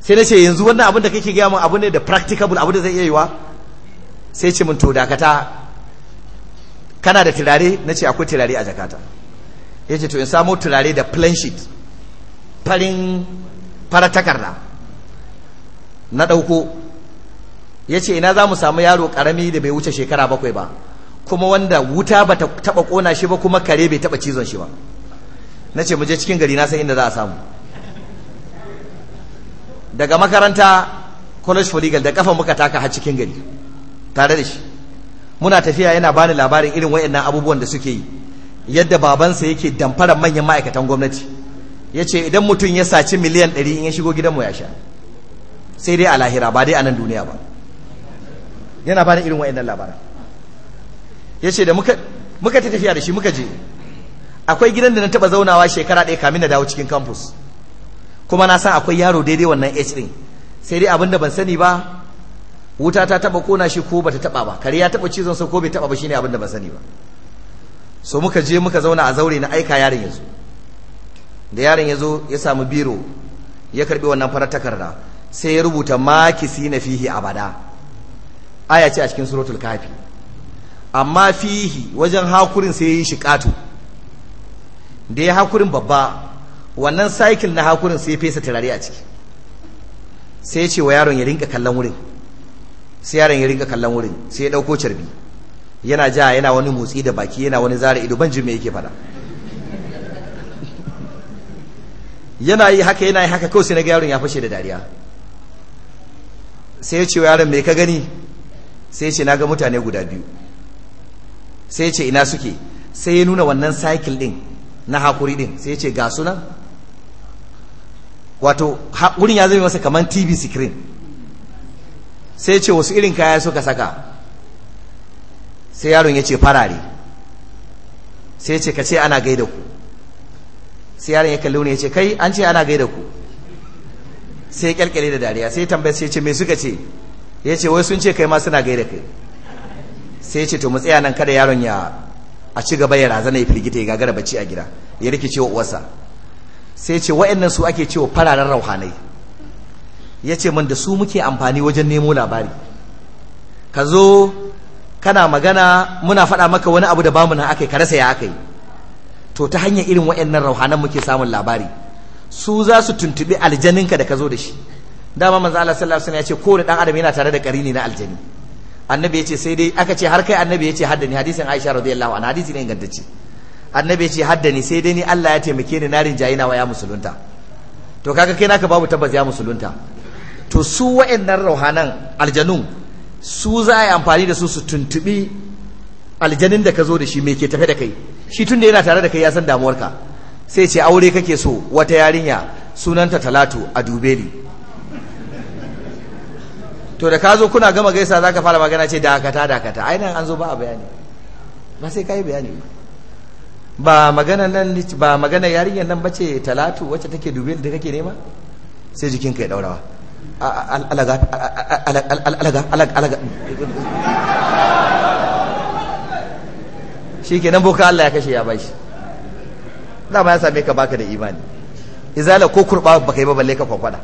[SPEAKER 1] sai na ce yanzu wannan abin da kake gaya min abu ne da practicable abu da zai iya yiwa sai ce min to dakata kana da turare na ce akwai turare a jakata ya ce to in samo turare da plan sheet farin fara takarda na ɗauko ya ce ina za mu samu yaro ƙarami da bai wuce shekara bakwai ba kuma wanda wuta ba ta taɓa ƙona shi ba kuma kare bai taɓa cizon shi ba na ce muje cikin gari na san inda za a samu daga makaranta college for legal da kafa muka taka har cikin gari tare da shi muna tafiya yana bani labarin irin wayannan abubuwan da suke yi yadda babansa yake damfarar manyan ma'aikatan gwamnati ya ce idan mutum ya saci miliyan ɗari in ya shigo gidan mu ya sha sai dai a lahira ba dai a nan duniya ba yana ba da irin nan labaran ya ce da muka ta tafiya da shi muka je akwai gidan da na taba zaunawa shekara ɗaya kamin na dawo cikin campus kuma na san akwai yaro daidai wannan h ɗin sai dai abinda ban sani ba wuta ta taba kona shi ko bata taba ba kare ya taba cizon sa ko bai taba ba shine abinda ban sani ba so muka je muka zauna a zaure na aika yaron zo da yaron ya samu biro ya karbi wannan farar takarda sai ya rubuta makisi na fihi abada aya ce a cikin suratul kafi amma fihi wajen hakurin sai ya yi shi ƙato da ya hakurin babba wannan cycle na hakurin sai ya fesa turare a ciki sai ya ce wa yaron ya rinka kallon wurin sai yaron ya rinka kallon wurin sai ya dauko carbi yana ja yana wani motsi da baki yana wani zara ido ban jin me yake faɗa yana yi haka yana yi haka kawai sai na ga yaron ya fashe da dariya sai ce wa yaron mai ka gani sai ce na ga mutane guda biyu sai ce ina suke sai ya nuna wannan cycle din na hakuri din sai ce ga suna wato hakurin ya zama masa kamar tv screen sai ce wasu irin kaya suka saka sai yaron ya ce farare sai ce ka ce ana gaida ku sai yaron ya kalli wani ya ce kai an ce ana gaida ku sai kyalkyale da dariya sai tambaya sai ce me suka ce ya ce wai sun ce kai ma suna gaida kai sai ce to mu tsaya nan kada yaron ya a ci gaba ya razana ya firgita ya gagara bacci a gida ya rikice wa uwarsa sai ce wa'annan su ake cewa fararen rauhanai ya ce min da su muke amfani wajen nemo labari ka zo kana magana muna faɗa maka wani abu da bamu na yi ka rasa ya aka yi to ta hanyar irin wa'annan rauhanan muke samun labari su za su tuntuɓi aljaninka da ka zo da shi dama manzo Allah sallallahu alaihi wasallam ya ce kowane dan adam yana tare da karini na aljani annabi ce sai dai aka ce har kai annabi ce haddani hadisin Aisha radiyallahu anha hadisi ne ingantacce annabi ce haddani sai dai ni Allah ya taimake ni na rinjayi nawa ya musulunta to kaga kai naka babu tabbas ya musulunta to su wa'annan rauhanan aljanun su za a yi amfani da su su tuntuɓi aljanin da ka zo da shi me ke tafe da kai shi tun da yana tare da kai ya san damuwarka sai ce aure kake so wata yarinya sunanta talatu a dubeli to da ka zo kuna gama gaisa za ka fara magana ce dakata dakata ainihin an zo ba a bayani ba sai ka yi bayani ba magana nan ba magana yarinyar nan bace talatu wacce take dube da kake nema sai ka ya daurawa shi nan boka Allah ya kashe ya bashi dama ya same ka baka da imani izala ko kurba baka yi ba balle ka kwakwada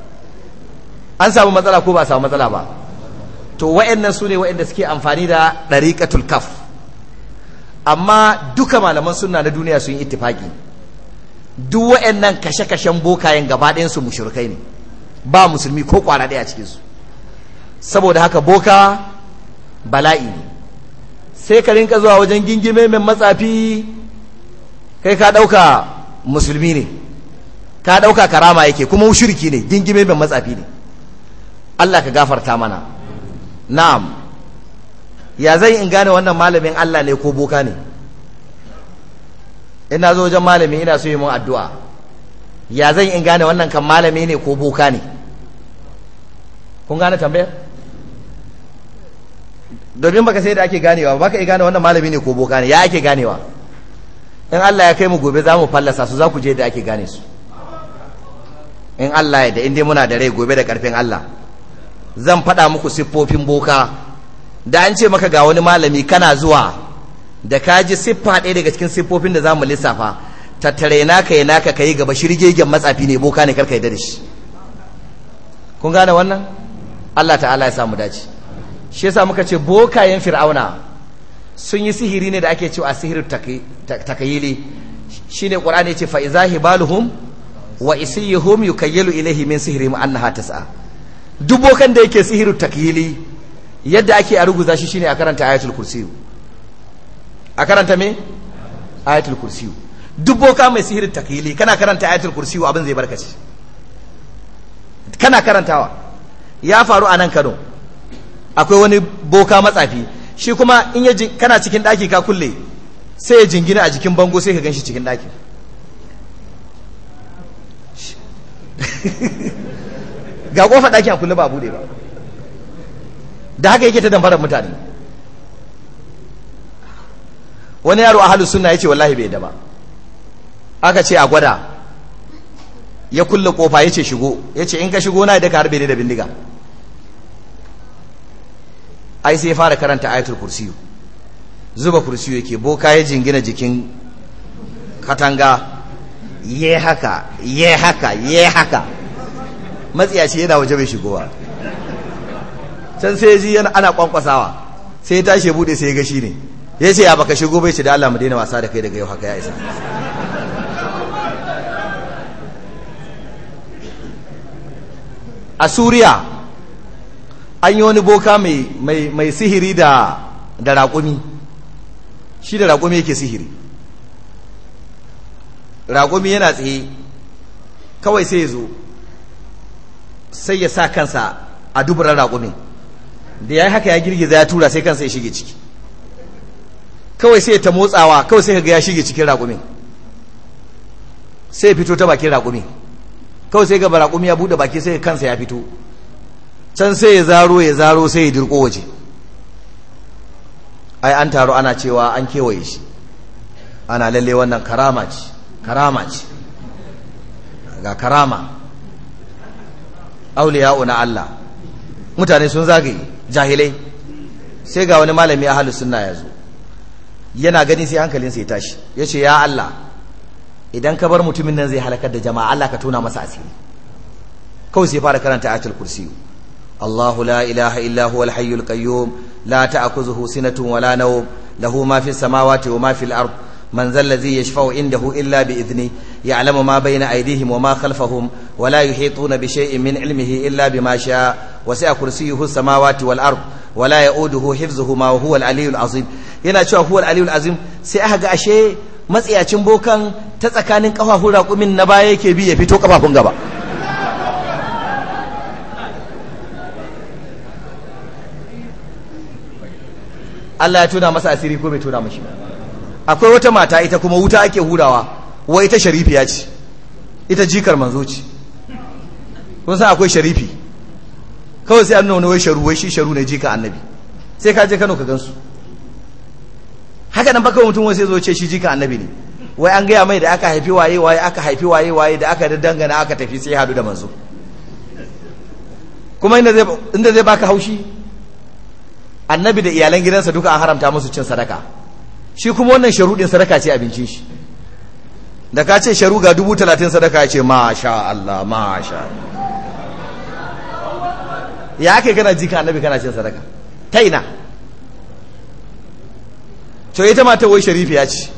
[SPEAKER 1] an samu matsala ko ba samu matsala ba to wa'annan su ne wa'anda suke amfani da ɗariƙatul kaf amma duka malaman sunna na duniya sun yi ittifaki duk wa'annan kashe-kashen bokayen gaba ɗayan su mushrikai ne ba musulmi ko kwana ɗaya cikin su saboda haka boka bala'i ne sai ka rinka zuwa wajen gingime mai matsafi kai ka ɗauka musulmi ne ka ɗauka karama yake kuma shirki ne gingime mai matsafi ne Allah ka gafarta mana na'am ya zai in gane wannan malamin Allah ne ko boka ne ina zo wajen malami ina so yi mun addu'a ya zan in gane wannan kan malami ne ko boka ne kun gane tambayar domin baka sai da ake ganewa baka iya gane wannan malami ne ko boka ne ya ake ganewa in Allah ya kai mu gobe za mu fallasa su za ku je da ake gane su in Allah ya da in muna da rai gobe da karfin Allah zan faɗa muku siffofin boka da an ce maka ga wani malami kana zuwa da ka ji siffa ɗaya daga cikin siffofin da za mu lissafa tattare naka yi naka ka yi gaba shirgegen matsafi ne boka ne karka yi da shi kun gane wannan Allah ta'ala ya samu dace shi yasa muka ce bokayen fir'auna sun yi sihiri ne da ake cewa sihirin takayili shine qur'ani yace fa iza hibaluhum wa isiyuhum yukayyalu ilahi min sihrihim annaha tas'a dubokan da yake sihirin takayili yadda ake a ruguza shi shine a karanta ayatul kursiyu a karanta me ayatul kursiyu duboka mai sihirin takayili kana karanta ayatul kursiyu abin zai barkace kana karantawa ya faru a nan Kano akwai wani boka matsafi shi kuma in yaji kana cikin daki ka kulle sai ya jingina a jikin bango sai ka gan shi cikin daki ga kofa daki a kulle ba a ba da haka yake ta damfarar mutane wani yaro a halin suna ya ce wallahi bai daba aka ce a gwada ya kulle kofa ya ce shigo ya ce in ka shigo na da ka harbe ne da bindiga ai sai fara karanta ayatul kursiyu zuba kursiyu yake boka ya jingina jikin katanga ye haka ye haka ye haka matsiyaci yana waje bai shigowa can sai ji yana ana kwankwasawa sai ya tashi bude sai ya ga ne ya ce ya baka shigo bai ce da Allah mu daina wasa da kai daga yau haka ya isa a suriya an yi wani boka mai sihiri da raƙumi shi da raƙumi yake sihiri raƙumi yana tsaye kawai sai ya zo sai ya sa kansa a dubaran raƙumin da ya yi haka ya girgiza ya tura sai kansa ya shige ciki kawai sai ya ta motsawa kawai sai ka ga ya shige cikin raƙumin sai ya fito ta bakin raƙumin kawai sai gaba raƙumi ya buɗe baki sai kansa ya fito can sai ya zaro ya zaro sai ya dirko waje ai an taro ana cewa an kewaye shi ana lalle wannan karama ce karama ce ga karama auliya na Allah mutane sun zagaye jahilai sai ga wani malami a halittu suna yazo yana gani sai hankalinsa ya tashi ya ce ya Allah idan ka bar mutumin nan zai halakar da jama'a Allah ka tona masa asiri kawai sai fara karanta ayatul kursiyu الله لا إله إلا هو الحي القيوم لا تأخذه سنة ولا نوم له ما في السماوات وما في الأرض من ذا الذي يشفع عنده إلا بإذنه يعلم ما بين أيديهم وما خلفهم ولا يحيطون بشيء من علمه إلا بما شاء وسع كرسيه السماوات والأرض ولا يؤوده حفظهما وهو العلي العظيم yana cewa huwal aliyul azim sai aka ga ashe matsiyacin bokan ta tsakanin kafafun raƙumin na baya yake bi ya fito kafafun gaba Allah ya tuna masa asiri ko bai tuna mashi akwai wata mata ita kuma wuta ake hurawa wai ita sharifiya ce ita jikar manzo ce kun san akwai sharifi kawai sai an nuna wai sharu wai shi sharu ne jika annabi sai ka je Kano ka gansu haka nan baka mutum wai sai zo ce shi jika annabi ne wai an gaya mai da aka haifi waye waye aka haifi waye waye da aka dangana aka tafi sai hadu da manzo kuma inda zai baka haushi annabi da iyalan gidansa duka an haramta musu cin sadaka shi kuma wannan sharuɗin sadaka ce abincin shi da ka ce sharu ga dubu talatin sadaka ya ce masha Allah masha ya ake kana jika annabi kana cin sadaka ta ina to ita mata wai sharifi ya ce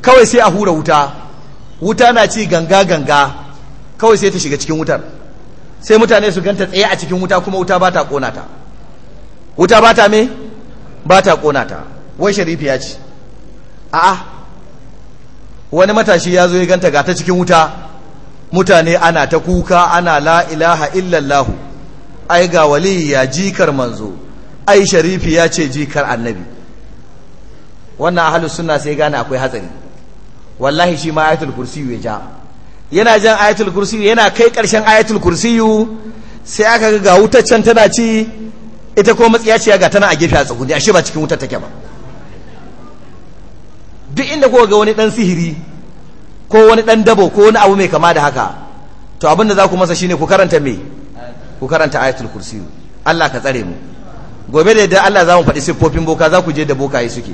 [SPEAKER 1] kawai sai a hura wuta wuta na ci ganga ganga kawai sai ta shiga cikin wutar sai mutane su ganta tsaye a cikin wuta kuma wuta ba ta kona ta wuta ba ta me ba ta kona ta wai sharifi ya ce a'a wani matashi ya zo ya ganta ga ta cikin wuta mutane ana ta kuka ana la ilaha illallah ai ga wali ya jikar manzo ai sharifi ya ce jikar annabi wannan ahlus sunna sai gane akwai hatsari wallahi shi ma ayatul kursiyu ya ja yana jan ayatul kursiyu yana kai karshen ayatul kursiyu sai aka ga wutaccen tana ci ita ko matsiya ce ga tana a gefe a tsakuni ashe ba cikin wutar take ba duk inda kuka ga wani dan sihiri ko wani dan dabo ko wani abu mai kama da haka to abin da za ku masa shine ku karanta me ku karanta ayatul kursi Allah ka tsare mu gobe da yadda Allah za mu faɗi siffofin boka za ku je da yi suke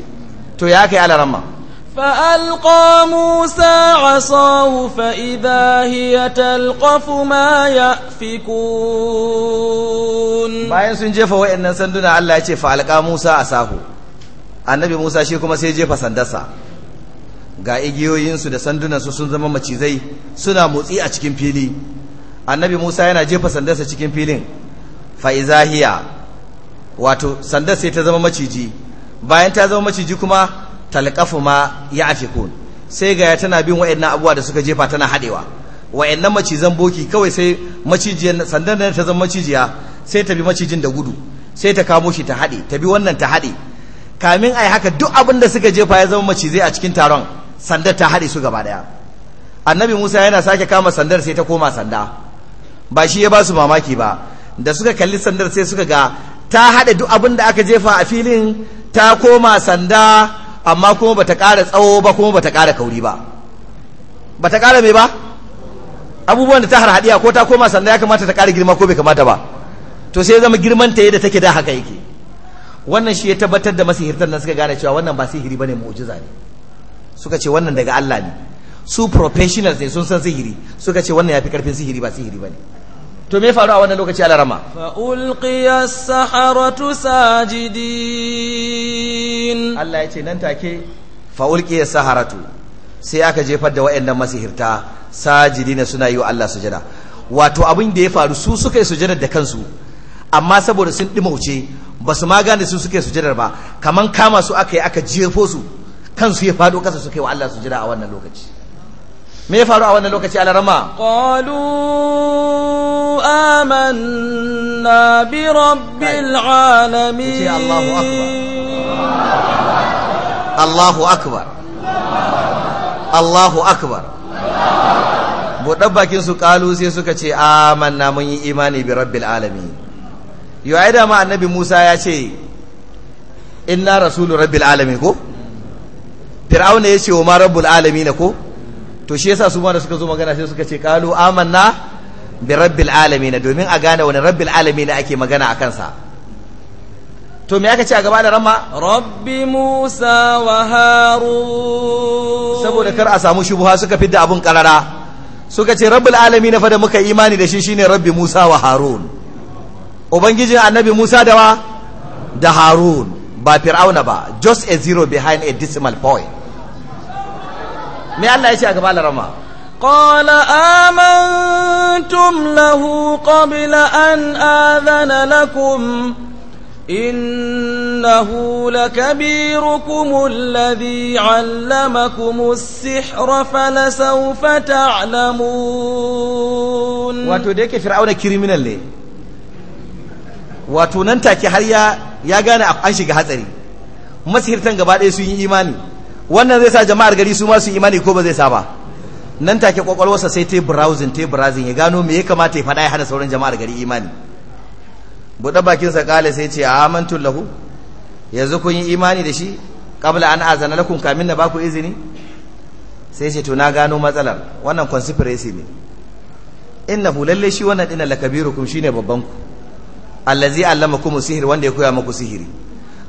[SPEAKER 1] to ya kai alaramma
[SPEAKER 2] فألقى موسى عصاه فإذا هي تلقف
[SPEAKER 1] ما يأفكون bayan sun jefa wayannan sanduna Allah ya ce fa alqa Musa asahu annabi Musa shi kuma sai jefa sandarsa ga igiyoyinsu da su sun zama macizai suna motsi a cikin fili annabi Musa yana jefa sandarsa cikin filin fa izahiya wato sandarsa sai ta zama maciji bayan ta zama maciji kuma talqafu ma ya'fikun sai ga tana bin wayannan abubuwa da suka jefa tana hadewa wayannan macizan boki kawai sai macijiyar sandan da ta zama macijiya sai ta bi macijin da gudu sai ta kamo shi ta hade ta bi wannan ta hade kamin ai haka duk abin da suka jefa ya zama macizai a cikin taron sandar ta hade su gaba daya annabi Musa yana sake kama sandar sai ta koma sanda ba shi ya ba su mamaki ba da suka kalli sandar sai suka ga ta hade duk abin da aka jefa a filin ta koma sanda amma kuma bata ƙara tsawo ba kuma bata ƙara kauri ba bata ƙara mai ba abubuwan da ta harhaɗiya ko ta koma sannan ya kamata ta ƙara girma ko bai kamata ba to sai zama girman ta yadda take da haka yake wannan shi ya tabbatar da masihirtar nan suka gane cewa wannan ba sihiri bane mu'jiza ne suka ce wannan daga Allah ne su professionals ne sun san sihiri suka ce wannan yafi karfin sihiri ba sihiri bane to me faru a wannan lokaci alarama
[SPEAKER 2] fa ulqiya saharatu sajidin Allah ya ce nan take
[SPEAKER 1] fa ulqiya saharatu sai aka jefar da waɗannan masihirta sajidina suna yi wa Allah sujada wato abin da ya faru su suka yi sujadar da kansu amma saboda sun dimauce ba su ma gane su suka yi sujadar ba kaman kama su aka yi aka jefo su kansu ya faɗo ƙasa suka yi wa Allah sujada a wannan lokaci me ya faru a wannan lokaci alarama
[SPEAKER 2] qalu amanna bi rabbil alamin
[SPEAKER 1] Allahu akbar Allahu akbar Allahu akbar buɗe bakin su kalu sai suka ce amanna mun yi imani bi rabbil alamin yau ai da ma annabi Musa ya ce inna rasulu rabbil alamin ko fir'auna ya ce wa ma rabbul alamin ko to shi yasa su ma da suka zo magana sai suka ce qalu amanna bi rabbil alamin domin a gane wani rabbil alamin ake magana a kansa to me aka ce a gaba da ramma rabbi musa wa harun saboda kar a samu shubha suka fidda abun karara suka ce rabbil alamin fa da muka imani da shi shine rabbi musa wa harun ubangijin annabi musa da wa da harun ba fir'auna ba just a zero behind a decimal point me Allah ya ce a gaba larama
[SPEAKER 2] lahu qabla lakum innahu lakabirukum alladhi 'allamakum
[SPEAKER 1] wato da yake fir'auna criminal ne wato nan take har ya ya gane an shiga hatsari masihirtan gaba ɗaya sun yi imani wannan zai sa jama'ar gari su ma su imani ko ba zai sa ba nan take kwakwalwarsa sai ta browsing ta browsing ya gano me ya kamata ya faɗa ya hana sauran jama'ar gari imani buɗe bakinsa kale sai ce amantu lahu yanzu kun yi imani da shi kabla an azana lakum kamin na baku izini sai ce to na gano matsalar wannan conspiracy ne innahu lalle shi wannan dinan lakabirukum shine babban ku allazi allamakum sihir wanda ya koya muku sihiri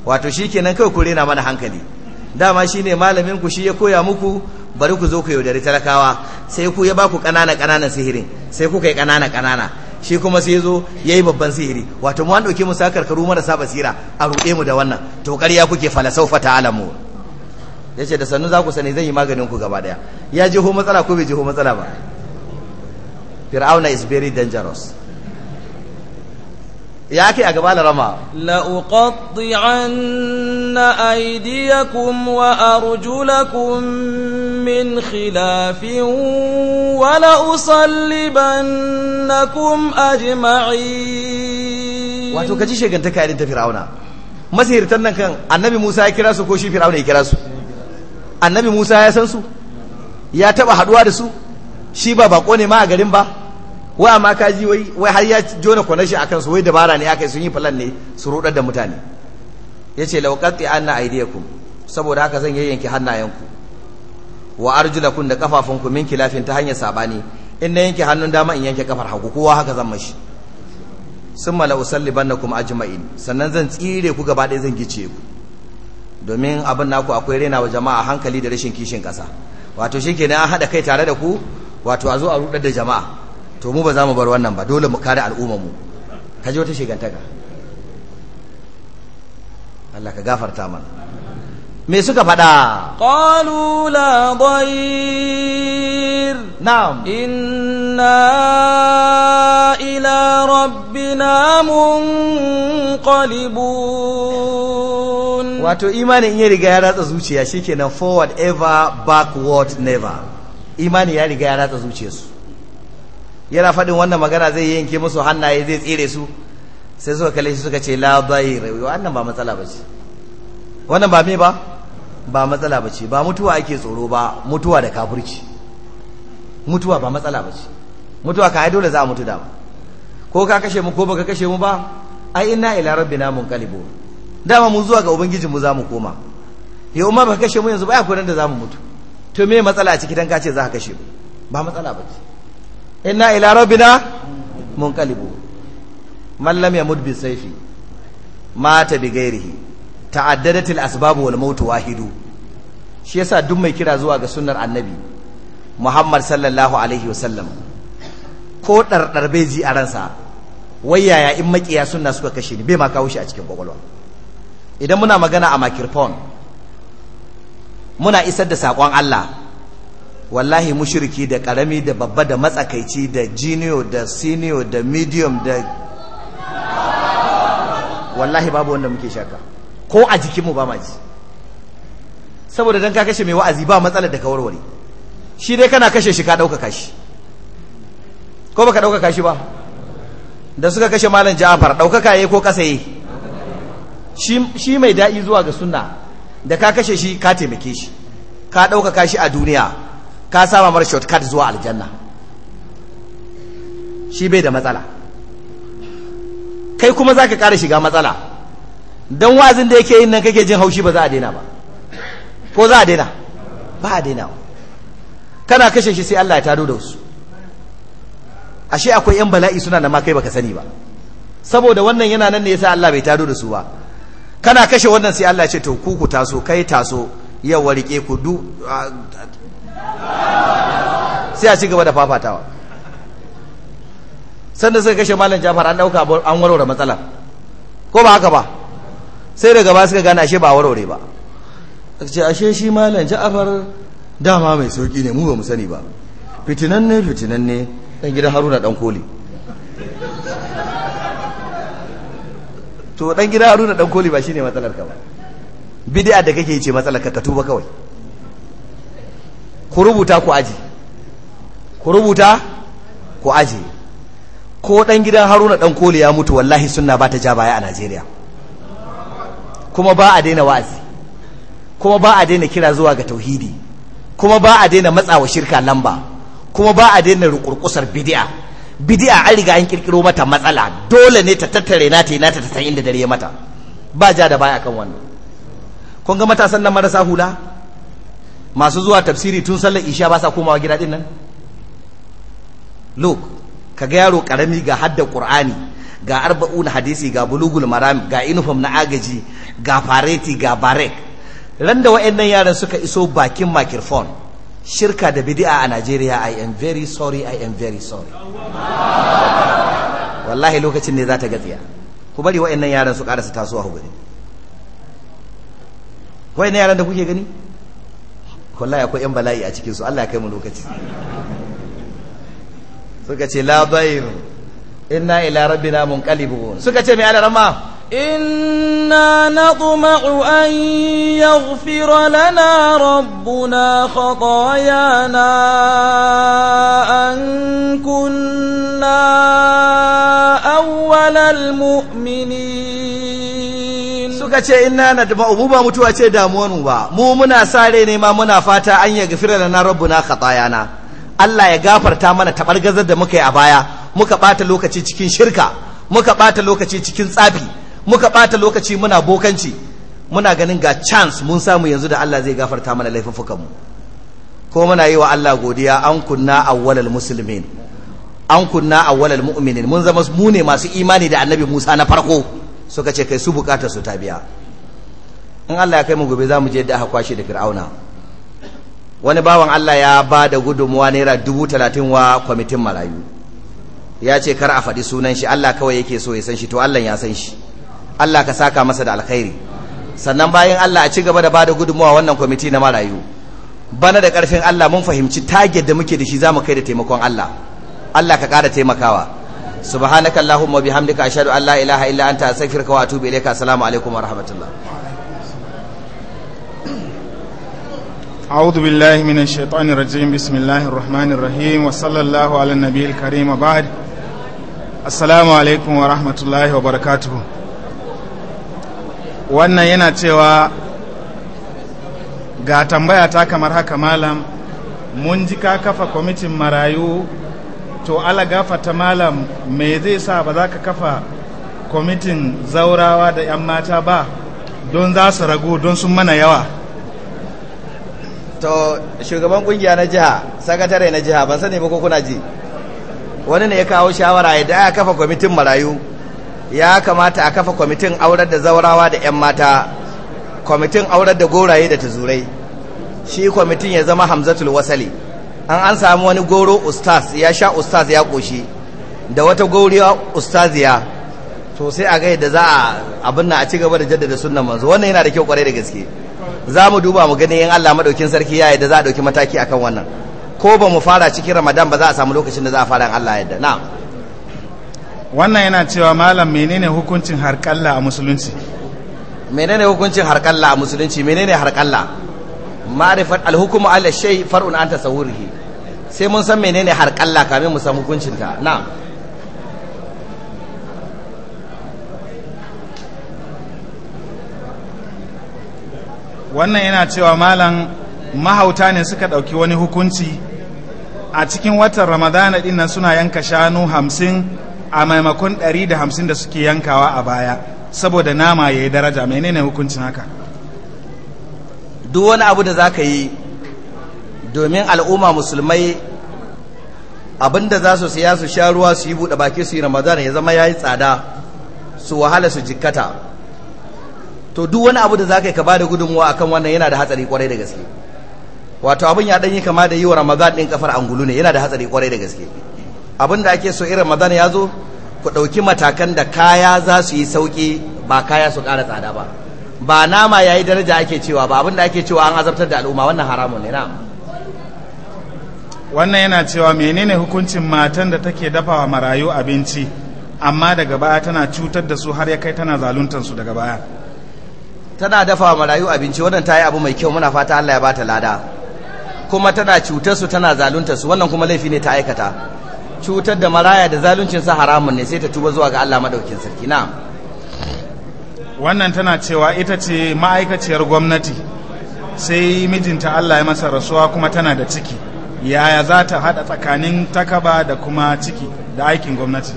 [SPEAKER 1] wato shikenan kai ku rena mana hankali dama shine malamin ku shi ya koya muku bari ku zo ku yaudari talakawa sai ku ya baku ƙanana ƙananan sihirin sai ku kai ƙanana ƙanana shi kuma sai zo ya yi babban sihiri wato mu an ɗauki mu sakar karu marasa basira a ruɗe mu da wannan to ƙarya kuke falasaufa ta alamu ya ce da sannu za ku sani zan yi maganin ku gaba ɗaya ya jiho matsala ko bai jiho matsala ba fir'auna is very dangerous ya a gaba da rama
[SPEAKER 2] arjulakum min khilafin wa la usallibannakum
[SPEAKER 1] أجمعين wato kaji shegantaka irin ta fir'auna masihirtan nan kan annabi Musa ya kira su ko shi fir'auna ya kira su annabi Musa ya san su ya taba haduwa da su shi ba bako ne ma a garin ba wai amma ka ji wai wai har ya jona kwanashi akan su wai dabara ne aka yi sun yi falan ne su rudar da mutane yace law qatti anna aydiyakum saboda haka zan yayyanke hannayenku wa arjulakum da kafafunku min kilafin ta hanyar sabani in na yanke hannun dama in yanke kafar hagu kowa haka zan mashi sun mala usalli kuma ajma'in sannan zan tsire ku gaba ɗaya zan gice ku domin abin naku akwai rena wa jama'a hankali da rashin kishin ƙasa wato ne an haɗa kai tare da ku wato a zo a rudar da jama'a to mu ba za mu bar wannan ba dole mu kare al'umma mu kaje wata shigantaka Allah ka gafarta mana me suka faɗa
[SPEAKER 2] qalu la dayr na'am inna ila rabbina munqalibun
[SPEAKER 1] wato in ya riga ya ratsa zuciya shikenan forward ever backward never imani ya riga ya ratsa zuciyarsu yana faɗin wannan magana zai yanke musu hannaye zai tsere su sai suka kalle shi suka ce la dhayr wannan ba matsala ba ce wannan ba me ba ba matsala ba ce ba mutuwa ake tsoro ba mutuwa da kafirci mutuwa ba matsala ba ce mutuwa ka dole za a mutu dama ko ka kashe mu ko baka kashe mu ba ai inna ila rabbina munqalibu dama mu zuwa ga ubangiji mu za mu koma yau ma baka kashe mu yanzu ba ya kuran da za mu mutu to me matsala a ciki dan ka ce za ka kashe mu ba matsala ba ce inna ila rabbina munqalibu man lam yamut bi sayfi mata bi ghairihi ta'addadat al asbab wal maut wahidu shi yasa duk mai kira zuwa ga sunnar annabi Muhammad sallallahu alaihi wasallam ko dardar bai ji a ransa wai yaya in maƙiya suna suka kashe ni bai ma kawo shi a cikin kwakwalwa idan muna magana a makirfon muna isar da saƙon Allah wallahi mushriki da karami da babba da matsakaici da junior da senior da medium da wallahi babu wanda muke shaka ko a jikinmu ba ma ji saboda dan ka kashe mai wa'azi ba matsalar da ka warware shi dai kana kashe shi ka ɗaukaka shi ko baka ɗaukaka shi ba da suka kashe malam ja'afar ɗaukaka ya ko ƙasa ya shi mai da'i zuwa ga sunna da ka kashe shi ka taimake shi ka ɗaukaka shi a duniya ka sama mara shortcut zuwa aljanna shi bai da matsala kai kuma za ka ƙara shiga matsala don wazin da yake yin nan kake jin haushi ba za a daina ba ko za a daina ba a daina kana kashe shi sai Allah ya tado da wasu ashe akwai 'yan bala'i suna da makai baka sani ba saboda wannan yana nan ne yasa Allah bai tado da su ba kana kashe wannan sai Allah ya ce to ku ku taso kai taso yau warike ku du sai a ci gaba da fafatawa sanda suka kashe malam jafar an dauka an warware matsalar ko ba haka ba sai daga ba suka gane ashe ba warware ba ce ashe shi malam ja'afar dama mai sauki ne mu ba mu sani ba fitinan ne fitinan ne dan gidan haruna dan koli to dan gidan haruna dan koli ba shine matsalar ka ba bid'a da kake yi ce matsalar ka ka tuba kawai ku rubuta ku aji ku rubuta ku aji ko dan gidan haruna dan koli ya mutu wallahi sunna ba ta ja baya a najeriya kuma ba a daina wa'azi kuma ba a daina kira zuwa ga tauhidi kuma ba a daina matsawa shirka lamba kuma ba a daina rukurkusar bidi'a. Bidi'a an riga an kirkiro mata matsala dole ne ta tattare na ta ta san inda dare mata ba ja da baya kan wannan kun ga matasan nan marasa hula masu zuwa tafsiri tun sallar isha ba sa komawa gida din nan look ka ga yaro karami ga hadda qur'ani ga arba'un hadisi ga bulugul maram ga inufam na agaji ga fareti ga barek ran da wayannan yaran suka iso bakin microphone shirka da bid'a a Najeriya I am very sorry I am very sorry wallahi lokacin ne za ta gatsiya ku bari wa'annan yaran su karasa tasowa ku gani wa'annan yaran da kuke gani wallahi akwai yan bala'i a cikin su Allah ya kai mu lokaci suka ce la bayr inna ila rabbina munqalibun suka ce mai alarama إنا
[SPEAKER 2] نطمع أن يغفر لنا ربنا خطايانا أن كنا أول المؤمنين
[SPEAKER 1] suka ce inna na mu ba mutuwa ce damuwar mu ba mu muna sare ne ma muna fata an ya gafira lana rabbuna khatayana Allah ya gafarta mana tabar gazar da muka yi a baya muka bata lokaci cikin shirka muka bata lokaci cikin tsafi muka bata lokaci muna bokanci muna ganin ga chance mun samu yanzu da Allah zai gafarta mana laifuffukan mu ko muna yi wa Allah godiya an kunna awwalal muslimin an kunna awwalal mu'minin mun zama mu ne masu imani da annabi Musa na farko suka ce kai su bukatar su ta biya in Allah ya kai mu gobe za mu je da aka kwashe da fir'auna wani bawan Allah ya ba da gudunmuwa naira dubu talatin wa kwamitin marayu ya ce kar a faɗi sunan shi Allah kawai yake so ya san shi to Allah ya san shi Allah ka saka masa da alkhairi sannan bayan Allah a ci gaba da ba da gudunmuwa wannan kwamiti na marayu bana da ƙarfin Allah mun fahimci target da muke da shi za mu kai da taimakon Allah Allah ka ƙara taimakawa subhanaka allahumma bihamdika ashhadu an allah ilaha illa anta astaghfiruka wa atubu ilayka assalamu alaikum wa rahmatullah
[SPEAKER 3] أعوذ بالله من الشيطان الرجيم بسم الله الرحمن الرحيم وصلى الله على النبي الكريم وبعد السلام عليكم ورحمة الله وبركاته wannan yana cewa ga tambaya ta kamar haka malam mun ji ka kafa kwamitin marayu to ala gafata malam me zai sa ba za ka kafa kwamitin zaurawa da 'yan mata ba don za su ragu don sun mana yawa to
[SPEAKER 1] shugaban kungiya na jiha sakatare na jiha ban sani ba ko kuna ji wani ne ya kawo shawara ya da kafa kwamitin marayu ya kamata a kafa kwamitin aurar da zaurawa da 'yan mata kwamitin aurar da goraye da tuzurai shi kwamitin ya zama hamzatul wasali an an samu wani goro ustaz ya sha ustaz ya ƙoshi da wata goriya ustaziya to sai a gaida da za a abin na a ci gaba da jaddada sunan manzo wannan yana da kyau kwarai da gaske za mu duba mu gani yin Allah maɗaukin sarki ya yadda za a ɗauki mataki akan wannan ko ba mu fara cikin Ramadan ba za a samu lokacin da za a fara in Allah yadda na.
[SPEAKER 3] wannan yana cewa malam menene hukuncin harkalla a musulunci menene hukuncin harkalla a musulunci menene harkalla ma'rifat al-hukmu ala
[SPEAKER 1] shay far'un an tasawwurihi sai mun san menene harƙalla kamin mu san hukuncin ta na'am
[SPEAKER 3] wannan yana cewa malam mahauta ne suka ɗauki wani hukunci a cikin watan ramadana din nan suna yanka shanu hamsin a maimakon 150 da da suke yankawa a baya saboda nama yayi daraja menene hukuncin haka duk wani abu da za ka yi
[SPEAKER 1] domin al'umma musulmai abinda za su siya su sha ruwa su yi buɗe baki su yi ramadan ya zama ya yi tsada su wahala su jikkata to duk wani abu da za ka yi ka ba da gudunmuwa akan wannan yana da hatsari kwarai da gaske wato abin ya ɗanyi kama da yi wa ramadan ɗin kafar angulu ne yana da hatsari kwarai da gaske abin da ake so irin ramadan ya zo ku ɗauki matakan da kaya za su yi sauƙi ba kaya su ƙara tsada ba ba nama ya yi daraja ake cewa ba abinda ake cewa an azabtar da al'umma wannan haramun ne na
[SPEAKER 3] wannan yana cewa menene hukuncin matan da take dafawa marayu abinci amma daga baya tana cutar da su har ya kai tana zaluntar su daga baya tana dafawa marayu abinci wannan ta yi abu mai kyau muna fata Allah ya ba ta lada
[SPEAKER 1] kuma tana cutar su tana zaluntar su wannan kuma laifi ne ta aikata cutar da maraya da
[SPEAKER 3] zaluncin sa haramun ne sai ta
[SPEAKER 1] tuba zuwa ga Allah madaukin sarki
[SPEAKER 3] na'am wannan tana cewa ita ce ma'aikaciyar gwamnati sai mijinta Allah ya masa rasuwa kuma tana da ciki yaya za ta haɗa tsakanin takaba da kuma ciki da aikin gwamnati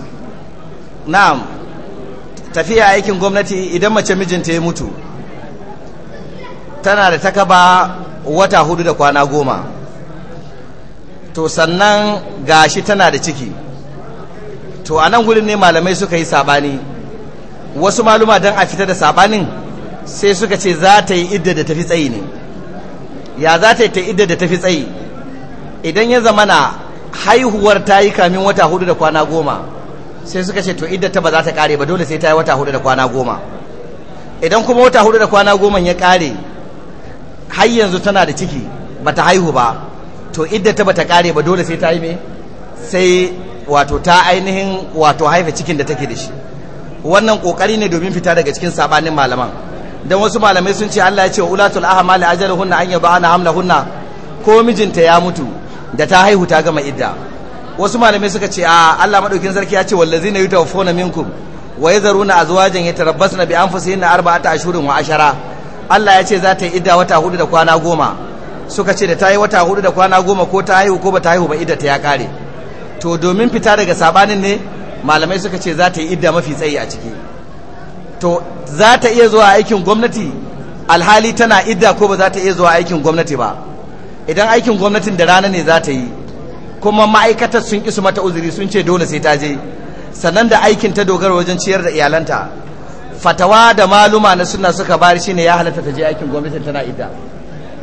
[SPEAKER 3] na'am tafiya aikin gwamnati idan mace mijinta
[SPEAKER 1] ya mutu tana da takaba wata hudu da kwana goma to sannan gashi tana da ciki to a nan gudun ne malamai suka yi sabani wasu maluma don a fita da sabanin sai suka ce za ta yi idda da tafi tsayi ne ya za ta yi ta idda da tafi tsayi idan ya zama na haihuwar ta yi kamin wata hudu da kwana goma sai suka ce to idda ta ba za ta kare ba dole sai ta yi wata hudu da kwana goma idan kuma wata hudu da kwana goma ya kare har yanzu tana da ciki ba ta haihu ba to idda ta ba ta kare ba dole sai ta yi me sai wato ta ainihin wato haifa cikin da take da shi wannan kokari ne domin fita daga cikin sabanin malaman dan wasu malamai sun ce Allah ya ce ulatul ahmal ajaluhunna an ana hamlahunna ko mijinta ya mutu da ta haihu ta gama idda wasu malamai suka ce a Allah madaukin sarki ya ce wallazina yutawaffawna minkum wa yazaruna azwajan yatarabbasna bi anfusihinna arba'ata ashhurin wa ashara Allah ya ce za ta yi idda wata hudu da kwana goma suka ce da ta yi wata hudu da kwana goma ko ta haihu ko ba ta haihu ba idda ta ya kare to domin fita daga sabanin ne malamai suka ce za ta yi idda mafi tsayi a ciki to za ta iya zuwa aikin gwamnati alhali tana idda ko ba za ta iya zuwa aikin gwamnati ba idan aikin gwamnatin da rana ne za ta yi kuma ma'aikatar sun ƙi su mata uzuri sun ce dole sai ta je sannan da aikin ta dogara wajen ciyar da iyalanta fatawa da maluma na suna suka bari shine ya halatta ta je aikin gwamnatin tana idda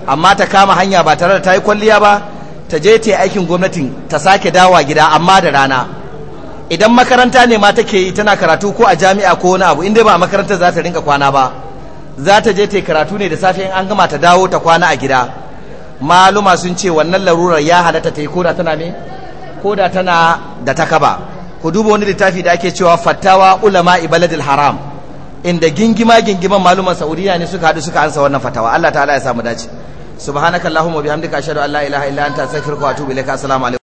[SPEAKER 1] amma ta kama hanya ba tare da ta yi kwalliya ba ta je ta yi aikin gwamnatin ta sake dawa gida amma da rana idan makaranta ne ma take yi tana karatu ko a jami'a ko wani abu inda ba makaranta za ta rinka kwana ba za ta je ta karatu ne da safe in an gama ta dawo ta kwana a gida maluma sun ce wannan larurar ya halatta ta yi koda tana me koda tana da ta kaba ku duba wani littafi da ake cewa fatawa ulama ibaladil haram inda gingima gingiman maluman saudiya ne suka haɗu suka ansa wannan fatawa Allah ta'ala ya samu dace subhanakallahumma bihamdika ashhadu an la ilaha illa anta astaghfiruka wa atubu ilaika
[SPEAKER 3] assalamu